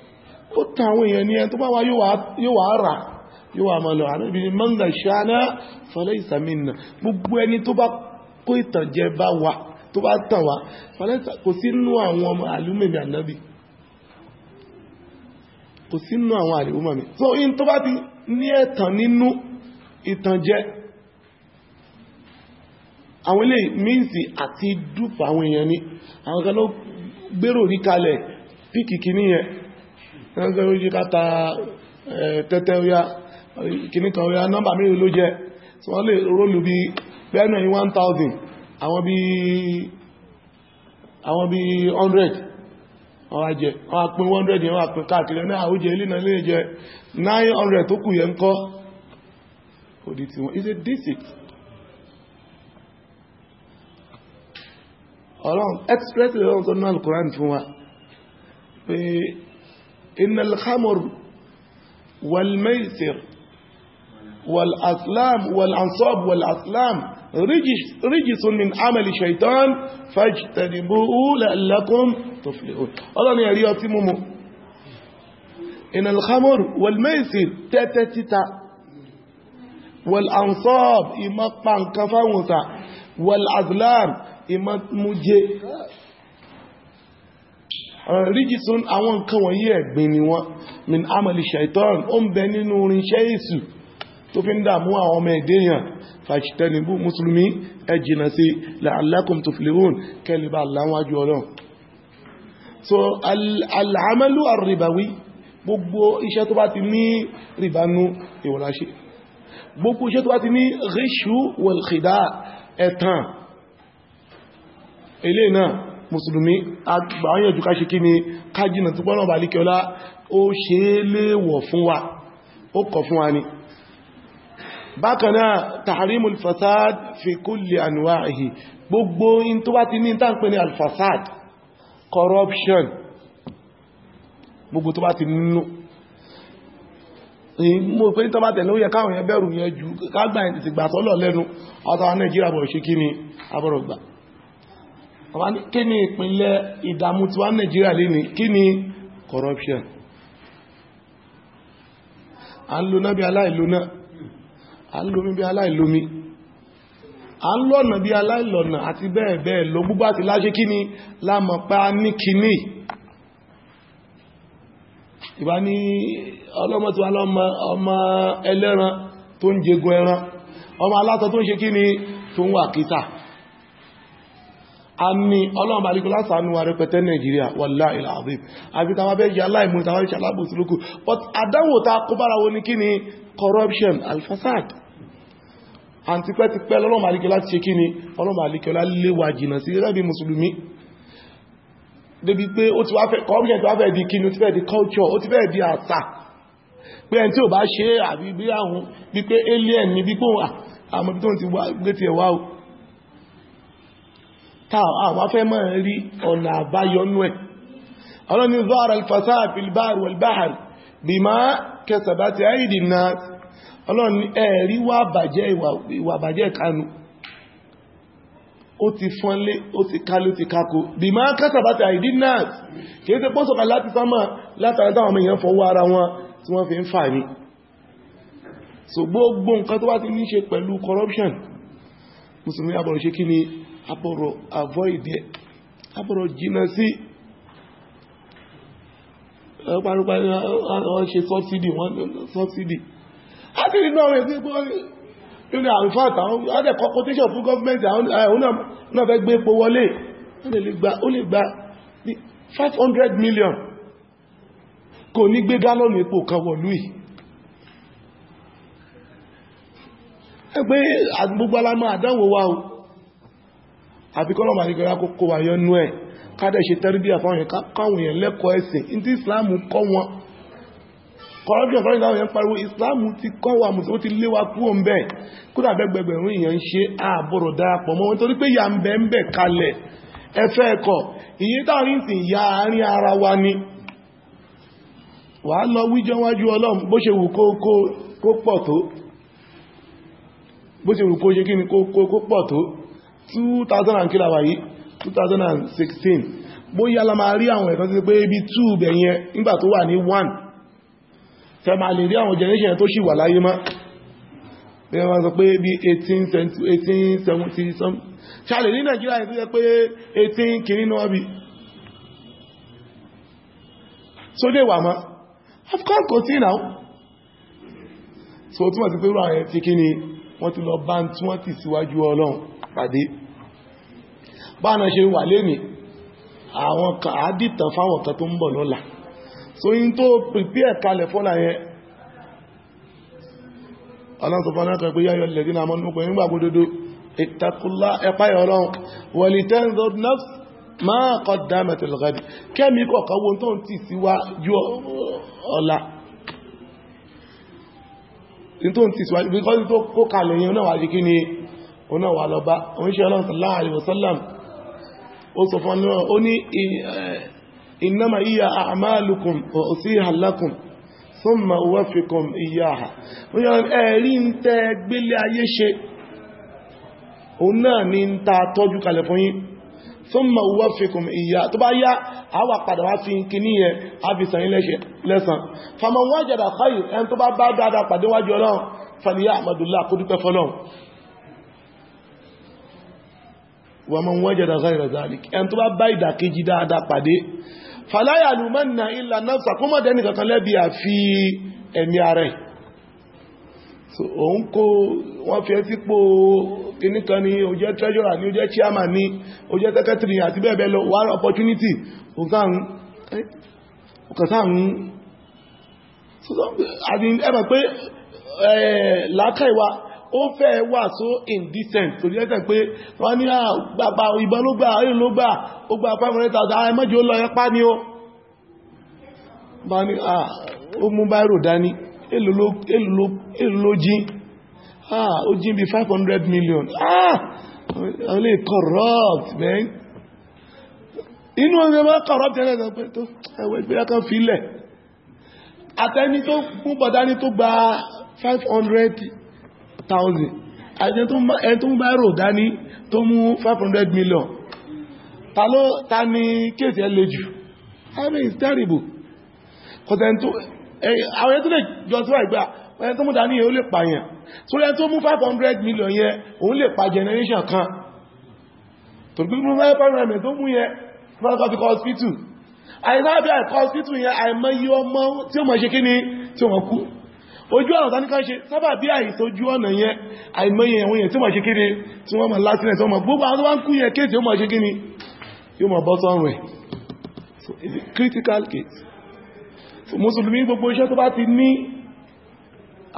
ó ta àwọn èèyàn ní ẹni tó bá wá yóò wá rà yóò wá mọ́ lọ anábì ni mọ́ngà ṣáná fọlẹ́ ìsàmìnà gbogbo ẹni tó bá kó ìtànjẹ bá wa tó bá tàn wá fọlẹ́ kò sí nú àwọn ọmọ àlúmẹ̀mí ànábì kò sínú àwọn àlèwọ́mọ̀ mi so in tó bá ti ní ẹ̀tàn nínú ìtànjẹ àwọn ilé mínsì àti dúpà àwọn èèyàn ni àwọn kan ló gbérò rí kalẹ̀ píkì kì níyẹn ẹgbẹ́ orí káta tẹ́tẹ́ oya kìníkan oya nọ́mbà mẹ́rin ló jẹ́ tí wọ́n lè rólù bí bẹ́ẹ̀nà 1000 àwọn bí 100 wọ́n jẹ wọ́n a pín 100 yẹn wọ́n a pín káàkiri ní àwújẹ ilé náà lè jẹ 900 tó kù yẹn kọ́ òdí tí wọ́n is a deceit ọlọ́run express lọ́run tó náà al-Qur'an fún wa pé innal khamr wal maisir wal aslam ríjìsùn min amẹ́lì ṣaitan fàjìtẹ̀dìbò la'allakum tuflihun ọlọ́ni ẹ̀rí ọtí múmu inal khamr wal maisir tẹ́tẹ́ títa wal ansab ìmọ̀ pa nǹkan fáwọnsà wal azlam ìmọ̀ mújẹ ríjìsùn àwọn nǹkan wọ̀nyí ẹ̀gbìn ni wọ́n min amẹ́lì ṣaitan ó ń bẹ nínú irinṣẹ́ èṣù tó fi ń dàmú àwọn ọmọ ẹ̀dẹ́yàn fàṣítẹ́nibú mùsùlùmí ẹ jìnà sí la'allakum tuflihun kẹlìbà láwájú ọlọ́ so al'amalu arribawi gbogbo iṣẹ́ tó bá ti ní ribanu ìwòláṣe gbogbo iṣẹ́ tó bá ti ní ghishu wal khida ẹ̀tàn ilé náà mùsùlùmí àgbàáyànjú ká ṣe kí bákanáà tàhàrímù alfasad fi kulli anwa'ihi gbogbo in tó bá ti ní tàǹpẹ́ ní alfasad corruption gbogbo tó bá ti nínú mo pé tó bá tẹ̀lé ó yẹ káwọn yẹn bẹ̀rù yẹn jù kágbà ẹ̀ ti gbà tọ́lọ̀ lẹ́nu ọ̀tọ̀ Nàìjíríà bọ̀ ṣe kí ni abọ́rọ̀gbà kí ni ìpínlẹ̀ ìdààmú tí wá Nàìjíríà lé ní kí ni corruption a ń lo náà bí aláìlú náà à ń lómi bí aláìlómi à ń lọ́nà bí aláìlọ́nà àti bẹ́ẹ̀ bẹ́ẹ̀ lọ gbogbo àti láṣẹ kíní lámọ̀pá ní kíní ìbá ní ọlọ́mọ tí wà lọ́mọ ọmọ ẹlẹ́ran tó ń jẹgo ẹran ọmọ alátọ tó ń ṣe kíní tó ń wà kíta a ní ọlọ́mọ alíkò lásánú wa rẹpẹtẹ Nàìjíríà wallahi alazim àbíkàwà bẹ́ẹ̀ jẹ́ aláìmú ìtàwà ìṣàlábùsùlùkù but àdánwò ta kó bára wọn ní kíní corruption alfasad àti pẹ́tipẹ́ lọ́lọ́mà àríkẹ́lá ti ṣe kí ni ọlọ́mà àríkẹ́lá léwà jìnà sí rẹ́bí mùsùlùmí débi pé ó ti wá fẹ́ kọ́ọ̀kẹ́ tó wá fẹ́ di kí ni ó ti fẹ́ di culture ó ti fẹ́ di àṣà pé ẹni tí ò bá ṣe àbí bí àwọn bí alien ni bí pé àwọn ibi tó ti gbé ti ẹ̀wà o táà àwọn afẹ́ mọ́ rí ọ̀nà àbáyọnú ẹ̀ ọlọ́ni zọ́ọ̀rọ̀ alfasad fil bahri wal bahr bima kasabat aydin nas ọlọ́run ẹ̀rí wà bàjẹ́ ìwà bàjẹ́ kanu ó ti fọ́nlé ó ti kálé ó ti kákó bí máa kásàbátà àìdí náà kìí tẹ pọ́sọ̀kà láti sámà látara táwọn ọmọ èèyàn fọwọ́ ara wọn tí wọ́n fi ń fà ní so gbogbo nǹkan tó wá ti ní ṣe pẹ̀lú corruption musulmi abọ̀rọ̀ ṣe kí ni abọ̀rọ̀ avoid ẹ̀ abọ̀rọ̀ jìnà sí ọ̀pàrọ̀pàrọ̀ ṣe subsidy adìrí eh, náà rẹ̀ sí gbọ́rí lórí àǹfààtà adẹ̀ kọkọtíṣọ̀ fún gọ́ọ̀mẹ́ntì àwọn náà fẹ́ gbé epo wọlé ó only gba 500 million kò ní gbé gálọ́nù epo kan wọ̀lú ì ẹgbẹ́ agbúgbálámà àdánwò wa o àfikọ́lọ̀ màríkọ́lá kó kó wà yọnú ẹ̀ kádẹ̀ ṣe tẹ́rìbíà fáwọn èèyàn lẹ́kọ̀ọ́ ẹ̀sìn ní tí Islam kọ́ wọn corruption sọ́rọ̀ ìlànà yẹn pariwo islam ti kọ́ wa mùsùlùmí ti léwa kúrò ń bẹ̀ kódà bẹ́gbẹ̀gbẹ̀rún èèyàn ń ṣe ààbọ̀rọ̀ darapọ̀ mọ́ wọn torí pé ya ń bẹ ń bẹ kalẹ̀ ẹfẹ́ ẹ̀kọ́ ìyẹn táàrin sì ya àárín ara wa ni wàá lọ wíjọ́ wájú ọlọ́run bó ṣe wù kó pọ̀ tó bó ṣe wù kó ṣe kí ni kó pọ̀ tó 2000 kí la wà yìí 2016 bóyá la máa rí àwọn tẹ́ máa lè rí àwọn generation tó ṣì wà láyé mọ́ bí wọ́n sọ pé bí 1870 some ṣàlè ní nàìjíríà ní tó yẹ pé 18 kìrí náà bí so dé wà mọ́ of course kò tí náà so túnmọ̀ sí pé rú àwọn ẹ̀tí kí ni wọ́n ti lọ bá ń tí wọ́n ti síwájú ọlọ́run pàdé báwọn ṣe wà lẹ́nìí àwọn kan àádìtàn fáwọn kan tó ń bọ̀ lọ́la so yin tó prepare kalẹ̀ fọ́lá yẹn aláàtọ̀fánàkà pé yáyọ lẹ́dínà amọ́nukọ̀ nígbàgbódodo ìtàkùlá ẹ̀páyọ̀ ọlọ́run wọ̀lì tẹ́ńdọ̀ nafs máa kọ́ dámẹ̀tẹ̀ lọ́gàdì kẹ́mí kọ̀ọ̀kan wo tó ń tì síwájú ọ̀la tó ń tì síwájú bí kọ́jú tó kó kalẹ̀ yẹn náà wà jí إنما هي أعمالكم وأصيها لكم ثم أوفكم إياها ويقول أهلين تقبل عيشة هنا انت تجو كالفوني ثم أوفكم إياها طبعا يا أوا قد وافين كنية أبي سنين لسان فما وجد خير أن تبا بعد هذا قد وجد فليحمد الله قد فلون wa man wajada ghayra zalik ẹn tó bá bá ìdàkejì dáadáa pàdé fala yalumanna illa nafsa kó mọ̀ dẹ́nì kankan lẹ́bi àfi ẹ̀mí ara ẹ̀ òun kó wọ́n fi ẹtí pò kìníkan ni ó jẹ́ treasurer ni ó jẹ́ chairman ni ó jẹ́ secretary àti bẹ́ẹ̀bẹ́ẹ̀ lọ wà opportunity òkàtàn ẹ̀mọ̀ ó fẹ́ wà so indecent torí ẹ̀sẹ̀ pé wọ́n ní àgbàgbà ah, ìbọn ló gbà ìrìn ló gbà ó gbà 500,000 ara mẹ́jọ lọ ẹpá ni ó bá ní à ah, ó mú báírò dání èlò ló jí ah ó jí bí hundred million ah ó lè corrupt man inú ọ̀sẹ̀ máa corrupt ẹ̀rẹ́ ẹ̀sẹ̀ pé tó ẹ̀wẹ̀ ìgbéyà kan filẹ̀ àtẹni tó mú bọ̀dání tó gba hundred thousand àti ẹni tó mú báírò dání tó mú five hundred million ta ló ta ni kéèsì ẹ le jù I mean it's terrible kọ̀tẹ̀ntó àwọn ẹni tó lè jọ síwá ìgbà ẹni tó mú dání yẹn ó lè pààyàn tó lẹ́ni tó mú hundred million yẹn òun lè pa generation kan tó bí mú 500 million tó mú yẹn fọ́nàkọ́ fi kọ́ hospital àìsáàbí àìkọ́ hospital yẹn àìmọ́ yí ọmọ tí ó mọ̀ ṣe kí ni tí ó mọ̀ kú ojú ọ̀nà tàbí ká ṣe sábà bí àìsójú ọ̀nà yẹn àìmọye ẹ̀wọ̀n yẹn tí wọ́n ṣe kéré tí wọ́n mọ̀ látìlẹ̀ tí wọ́n mọ̀ gbogbo àwọn wọ́n kú yẹn kéèsì yóò mọ̀ ṣe kíni yóò mọ̀ bọ́ sọ́rùn ẹ̀ so it's a critical case so mùsùlùmí gbogbo iṣẹ́ tó bá ti ní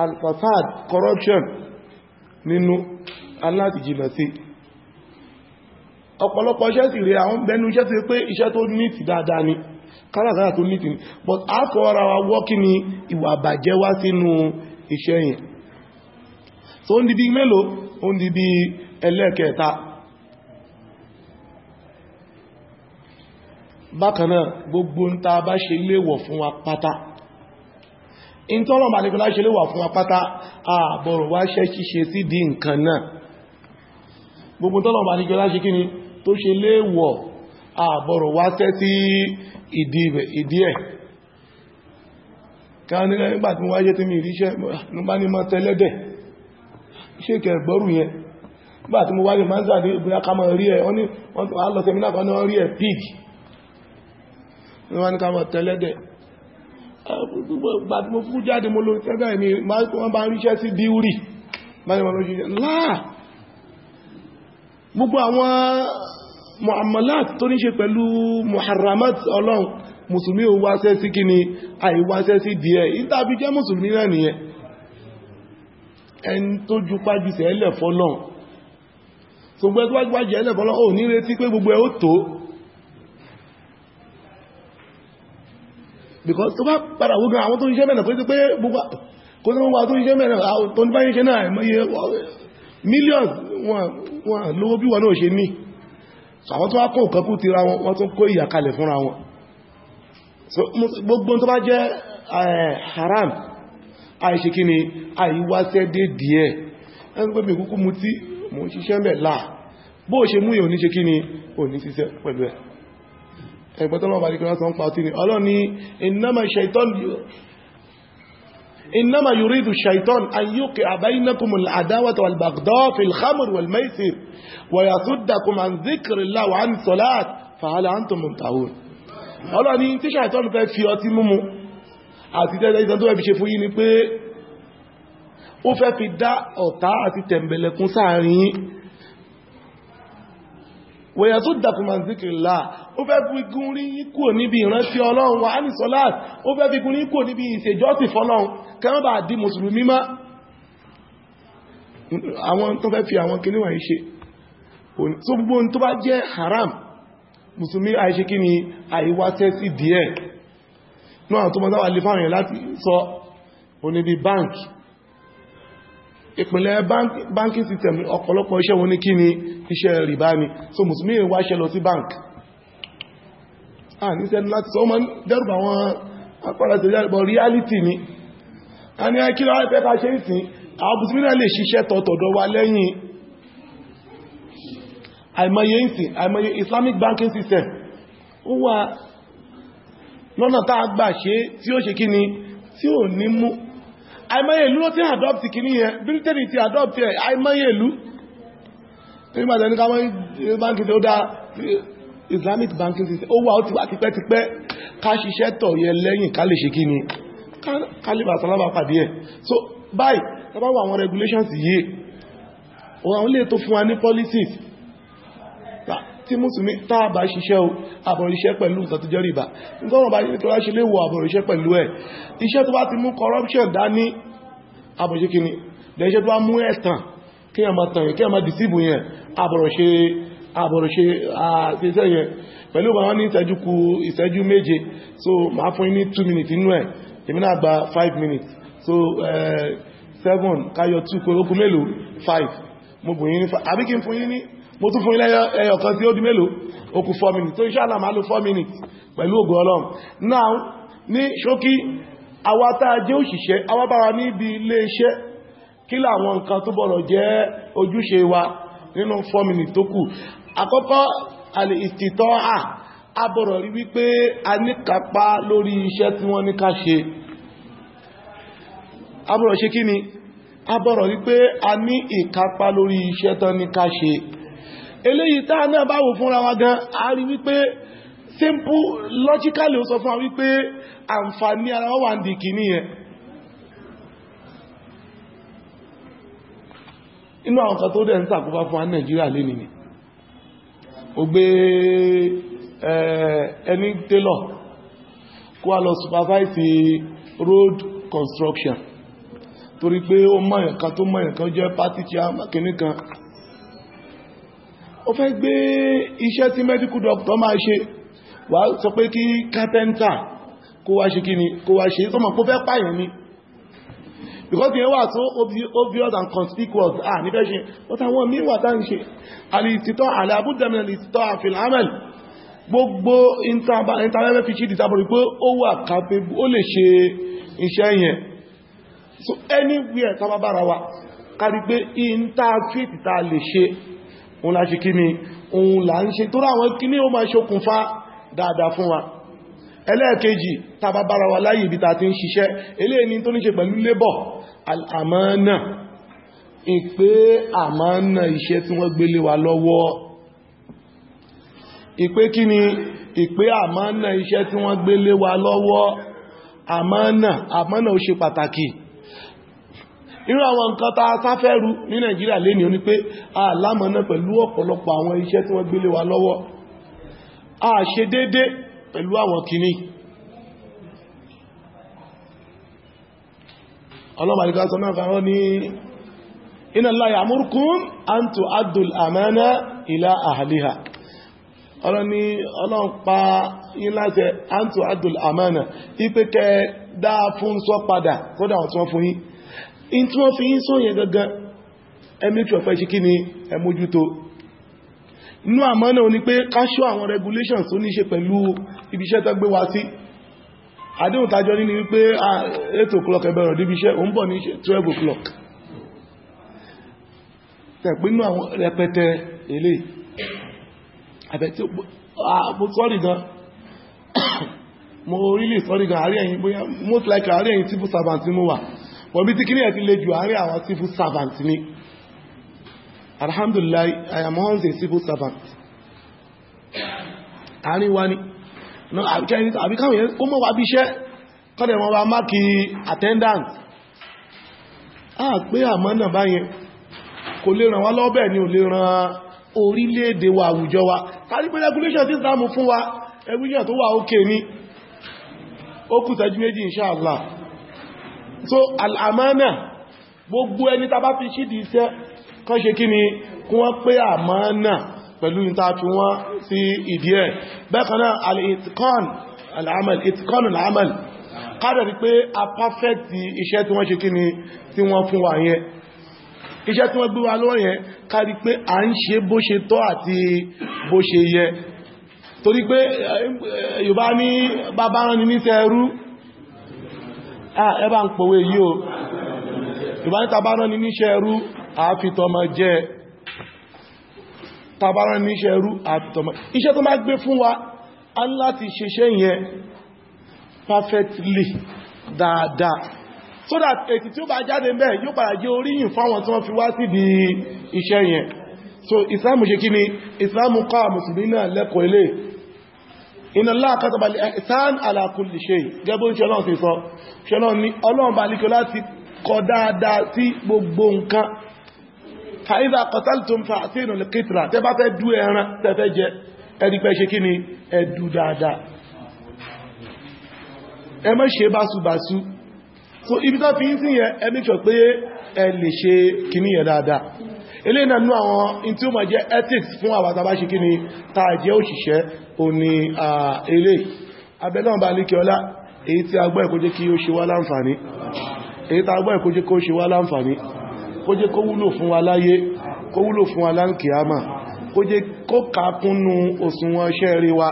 al-fasad corruption nínú aláti jìnà sí ọ̀pọ̀lọpọ̀ iṣẹ́ sì rí àwọn bẹnu iṣẹ́ tó pé iṣẹ́ tó ní ti dáadáa ni kálàkálà tó ní tìní but afọ́ra wa wọ́kí ni ìwà bàjẹ́ wá sínú iṣẹ́ yẹn so ó ń di bí mélòó ó ń di bí ẹlẹ́ẹ̀kẹta bákanáà gbogbo ń ta bá ṣe léèwọ̀ fún wa pátá in tọ́rọ màlẹ́kọ́lá ṣe léèwọ̀ fún wa pátá àbọ̀rọ̀ wá ṣẹ́ ṣíṣe sí di nǹkan náà gbogbo tọ́rọ màlẹ́kọ́lá ṣe kíni tó ṣe léèwọ̀ àbọ̀rọ̀ wá tẹ́ sí ìdí ẹ̀ ká ní nígbà tí wáyé tí mi ríṣẹ́ ló bá ní mọ́ tẹ́lẹ́dẹ̀ ṣékẹ̀ gbọ́rù yẹn nígbà tí mo wáyé máa ń zàdé ìbúyá ká máa rí ẹ̀ wọ́n ní wọ́n lọ sẹ́mínà kan náà rí ní wọ́n bá ríṣẹ́ sí gbogbo àwọn mu'amalat tó ní ṣe pẹ̀lú muharramat ọlọ́run mùsùlùmí ò wáṣẹ́ sí kí ni àìwáṣẹ́ sí díẹ̀ ìtàbí jẹ́ mùsùlùmí náà nìyẹn ẹni tó ju pàjùsẹ̀ ẹlẹ̀ fọ́lọ́n gbogbo ẹgbẹ́ because tó bá padà wógan àwọn tó ń ṣẹ́ mẹ́rin pé pé gbogbo kó tó wá tó ń ṣẹ́ mẹ́rin wọn lówó bí wọn náà ṣe ní àwọn tó wá kó nǹkan kú ti ra wọn wọ́n tún kó ìyàkalẹ̀ fúnra wọn gbogbo tó bá jẹ́ eh, haram àìṣe kí ni àìwáṣẹ́ dé díẹ̀ ẹn gbẹ́bẹ̀ kúkú mú tí mú ṣiṣẹ́ mẹ́ láà bó ṣe mú yóò ní ṣe kí ni ò ní ṣiṣẹ́ pẹ̀lú ẹ̀ ẹgbẹ́tọ́lọ́wọ́ إنما يريد الشيطان أن يوقع بينكم العداوة والبغضاء في الخمر والميسر ويصدكم عن ذكر الله وعن الصلاة فهل أنتم منتهون قالوا أني أنت شيطان fẹ́ في أتي مومو؟ أتي tẹ́lẹ̀ ìtàn tó ẹbí ṣe وفي في ni pé ó fẹ́ wẹ̀yà tó dàkùnmà zíkìrìlá ó fẹ́ fi gún rí kò níbi ìrántí ọlọ́run wa ní sọ́láàt ó fẹ́ fi gún rí kò níbi ìṣèjọ́sì fọ́lọ́run kẹ́wọ́n bá di mùsùlùmí má àwọn tó fẹ́ fi àwọn kìnnì wọ̀nyí ṣe tó gbogbo tó bá jẹ́ haram mùsùlùmí àìṣe kí ni àìwáṣẹ́ sí díẹ̀ náà tó mọ́ sáwà lè fáwọn èèyàn láti sọ oníbi báńkì ìpìnlẹ̀ banking system ọ̀pọ̀lọpọ̀ iṣẹ́ wọn ní kí ni iṣẹ́ rìbá ni so musulmi wá ṣẹlọ sí bank a ní sẹ́ni láti sọ ọmọ dẹ́rùbà wọn apárasẹ̀ dẹ́rùbà reality ni a ní akílọ́ àìpẹ́ta ṣe ń sìn àwọn musulmi náà lè ṣiṣẹ́ tọ̀tọ̀dọ̀ wa lẹ́yìn àìmọye ń àìmọye islamic banking system ó wà lọ́nà tá a gbà ṣe tí ó ṣe kí ni tí ò ní mú àìmọye ìlú ló ti adopt kìíní yẹn Britain ti adopt ẹ̀ àìmọye ìlú nígbàtẹ̀ tí ó dá Islamic banking system ó wà ó ti wà tipẹ́tipẹ́ ká ṣiṣẹ́ tọ̀ yẹ lẹ́yìn ká lè ṣe kí ni so báyìí tọ́bá wà àwọn regulations yìí àwọn lè tó policies tí mùsùlùmí tààbà ṣiṣẹ́ o àbọ̀rìṣẹ́ pẹ̀lú ìsàtújẹ́ rìbá gọ́rùn bá yìí tó láṣẹ lè wọ àbọ̀rìṣẹ́ pẹ̀lú ẹ̀ iṣẹ́ tó bá ti mú corruption dání àbọ̀ṣe kìíní lẹ́ṣẹ́ tó bá mú ẹ̀tàn kí ẹ máa tàn yẹn kí ẹ máa dìsíbù yẹn àbọ̀rìṣẹ́ àbọ̀rìṣẹ́ so máa fún two minutes inú ẹ̀ èmi five minutes so eh, seven káyọ̀ two kó lókun five mo bù yín ní five àbí fún yín ní mo tún fún ilé ẹyọ̀kan tí ó di mélòó ó 4 minutes tó insha Allah máa 4 minutes pẹ̀lú ògùn ọlọ́run now ní ṣókí àwa tá a jẹ́ òṣìṣẹ́ àwa bá wa níbi ilé iṣẹ́ kí làwọn nǹkan tó bọ̀rọ̀ jẹ́ ojúṣe wa nínú 4 minutes tó kù àkọ́kọ́ àlètìtọ́ à abọ̀rọ̀ rí wípé a níkapá lórí iṣẹ́ tí wọ́n ní ká ṣe abọ̀rọ̀ ṣe kí ni abọ̀rọ̀ wípé a ní ìkápá lórí iṣẹ́ tán ní ká ṣe eléyìí táà náà bá wò fúnra wa gan a rí wípé simple logical ó sọ fún wa wípé àǹfààní ara wọ́n wà ń dìkì níyẹn inú àwọn kan tó dẹ̀ ń sàkóbá fún wa Nàìjíríà lé nìyẹn ó gbé ẹni tailor kó a lọ supervise road construction torí pé ó mọ̀yàn kan tó mọ̀yàn kan jẹ́ party chairman kìnnìkan ó fẹ́ gbé iṣẹ́ tí medical doctor máa ṣe wà sọ pé kí carpenter kó wá ṣe kíni kó wá ṣe sọmọ kó fẹ́ pààyàn ni because yẹn wà so obvious and conspicuous ah nífẹ́ ṣe but àwọn míì wà tá ń ṣe alìtìtọ́ àlàbúdàmì alìtìtọ́ àfihàn gbogbo intanẹ́fẹ́ fi ṣí ìdìtàbọ̀rí pé ó wà capable ó lè ṣe iṣẹ́ yẹn so anywhere tábábára wa kárí pé in tá a lè ṣe òun la ṣe kíni òun là ń ṣe tó ráwọn kíní ó máa ṣokùnfà dáadáa fún wa ẹlẹ́ẹ̀kejì tàbá bára wa láyé ibi ta ti ń ṣiṣẹ́ eléyìí ní tó ní ṣe pẹ̀lú lébọ̀ àmánà ìpé àmánà iṣẹ́ tí wọ́n gbélé wa lọ́wọ́ ìpé kíni ìpé àmánà iṣẹ́ tí wọ́n gbélé wa lọ́wọ́ àmánà àmánà ó ṣe pàtàkì irú àwọn nǹkan ta sáfẹ́rú ní Nàìjíríà lé ní o ní pé alámọ̀ná pẹ̀lú ọ̀pọ̀lọpọ̀ àwọn iṣẹ́ tí wọ́n gbélé wa lọ́wọ́ a ṣe dédé pẹ̀lú àwọn kìíní ọlọ́bàdìkásọ náà fàwọn ní iná yí láti an tó adùl àmánà ipẹ́kẹ́ dáa fún sọ padà kódà ọ̀tún fún yí in tí wọ́n fi ń sóyìn gangan ẹmí tí ọ̀fẹ́ ṣe kí ni ẹmójútó inú àmọ́ náà ni pé káṣọ́ àwọn regulations tó ní ṣe pẹ̀lú ibiṣẹ́ tó gbé wa sí àdéhùn tàjọ ní wípé 8 o'clock ẹbẹ̀rọ̀ díbiṣẹ́ òun bọ̀ ní 12 o'clock tẹ̀pínú àwọn rẹpẹtẹ èlé àbẹ̀tí mo sọ́rì gan [COUGHS] mo orílẹ̀ sọ́rì gan àríẹ̀yìn bóyá most likely àríẹ̀yìn civil servant ni mo wà bọ̀bí tí kíní ẹ̀ ti lè jù àárín àwọn civil servant ní alhamdulillah i am once a civil servant àárín wa ní àbíkáwọn yẹn ó mọ́ wà bí iṣẹ́ kọ́dẹ̀ wọn bá máàkì attendant a pé àmọ́ náà báyẹn kò lè ràn wá lọ́bẹ̀ ni ò lè ràn orílẹ̀-èdè wa àwùjọ wa kárí pé regulation tí ìsìlámù fún wa regulation tó wà ókè ní ó kù ìṣẹ́jú méjì insha so al'amánà gbogbo ẹni tàbá fi ṣídìí iṣẹ́ kan ṣe kí ni kí wọ́n pé àmánà pẹ̀lú ìta fi wọ́n sí ìdí ẹ̀ bẹ́ẹ̀kanáà al'itkan al'amal itkan al'amal kádà rí pé a pàfẹ́tì iṣẹ́ tí wọ́n ṣe kí ni tí wọ́n fún wa yẹn iṣẹ́ tí wọ́n gbé wa lọ́wọ́ yẹn kárí pé a ń ṣe bó ṣe tọ́ àti bó ṣe yẹ torí pé eh, eh, Yorùbá ní bàbá rán ni níṣẹ́ ẹrú Ah, ẹbá ń pòwé yí o ìbá ní tàbá rán ní níṣẹ́ ẹrú àáfitọmọ jẹ́ tàbá rán ní níṣẹ́ ẹrú àáfitọmọ iṣẹ́ tó máa gbé fún wa a ń láti ṣeṣẹ́ yẹn perfectly dáadáa so that ètì tí ó bá jáde mẹ́ yóò padà jẹ́ oríyìn fáwọn tí wọ́n fi wá sí di iṣẹ́ yẹn so ìsìlámù ṣe kí ni ìsìlámù kọ́ àmùsùlùmí náà lẹ́kọ̀ọ́ eléyìí iná láàkátàbà ìtàn àlàkùnlé ṣe gẹ́gbọ́n ṣe ọlọ́run sí sọ ṣe ọlọ́run ní ọlọ́run bá líkọ láti kọ dáadáa sí gbogbo nǹkan fàíza kọtàlùtùm fàásínù lẹ́kìtìlá tẹ́ bá fẹ́ dú ẹran tẹ́fẹ́ jẹ ẹ̀dìpẹ́ ṣe kí ni ẹ̀dù dáadáa ẹ ilé ìnànú àwọn in tí ó ma jẹ́ ethics fún àwàtàbá ṣe kí ni tàà jẹ́ òṣìṣẹ́ o ni ilé abẹ́lọ́mbà líkẹ́ọlá èyí tí agbọ́ ìkójẹ́ kí ó ṣe wá láǹfààní èyí tí agbọ́ ìkójẹ́ kó ṣe wá láǹfààní kó jẹ́ kó wúlò fún wa láyé kó wúlò fún wa láǹkìyàmà kó jẹ́ kó kàákúnnú òsùnwọ̀n iṣẹ́ rí wa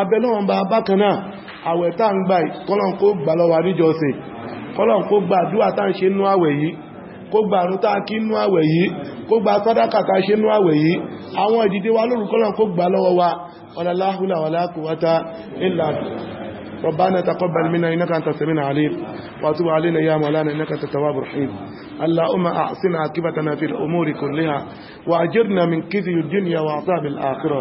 abẹ́lọ́mbà bákanáà àwẹ̀ tá ń gbà kọ́lọ̀n kó gbà lọ́wà níjọ́sìn kọ́lọ̀n kó gbà àdúrà tá ń ṣe nú àwẹ̀ yìí kó gba àrùn tá a kí nú àwẹ̀ yìí kó gba sàdákà tá a ṣe nú àwẹ̀ yìí àwọn ìdìde wa lóru kọ́lọ̀ kó gbà lọ́wọ́ wa la hawla wala quwwata illa ربنا تقبل منا إنك أنت السميع العليم وتب علينا يا مولانا إنك أنت التواب الرحيم اللهم أحسن عاقبتنا في الأمور كلها وأجرنا من كذب الدنيا وعذاب الآخرة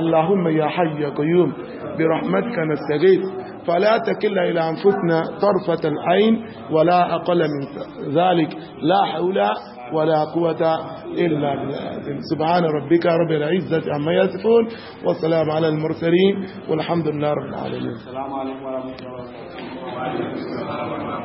اللهم يا حي يا قيوم برحمتك نستغيث فلا تكل إلى أنفسنا طرفة العين ولا أقل من ذلك لا حول ولا قوة إلا بالله سبحان ربك رب العزة عما يصفون والسلام على المرسلين والحمد لله رب العالمين السلام عليكم ورحمة الله وبركاته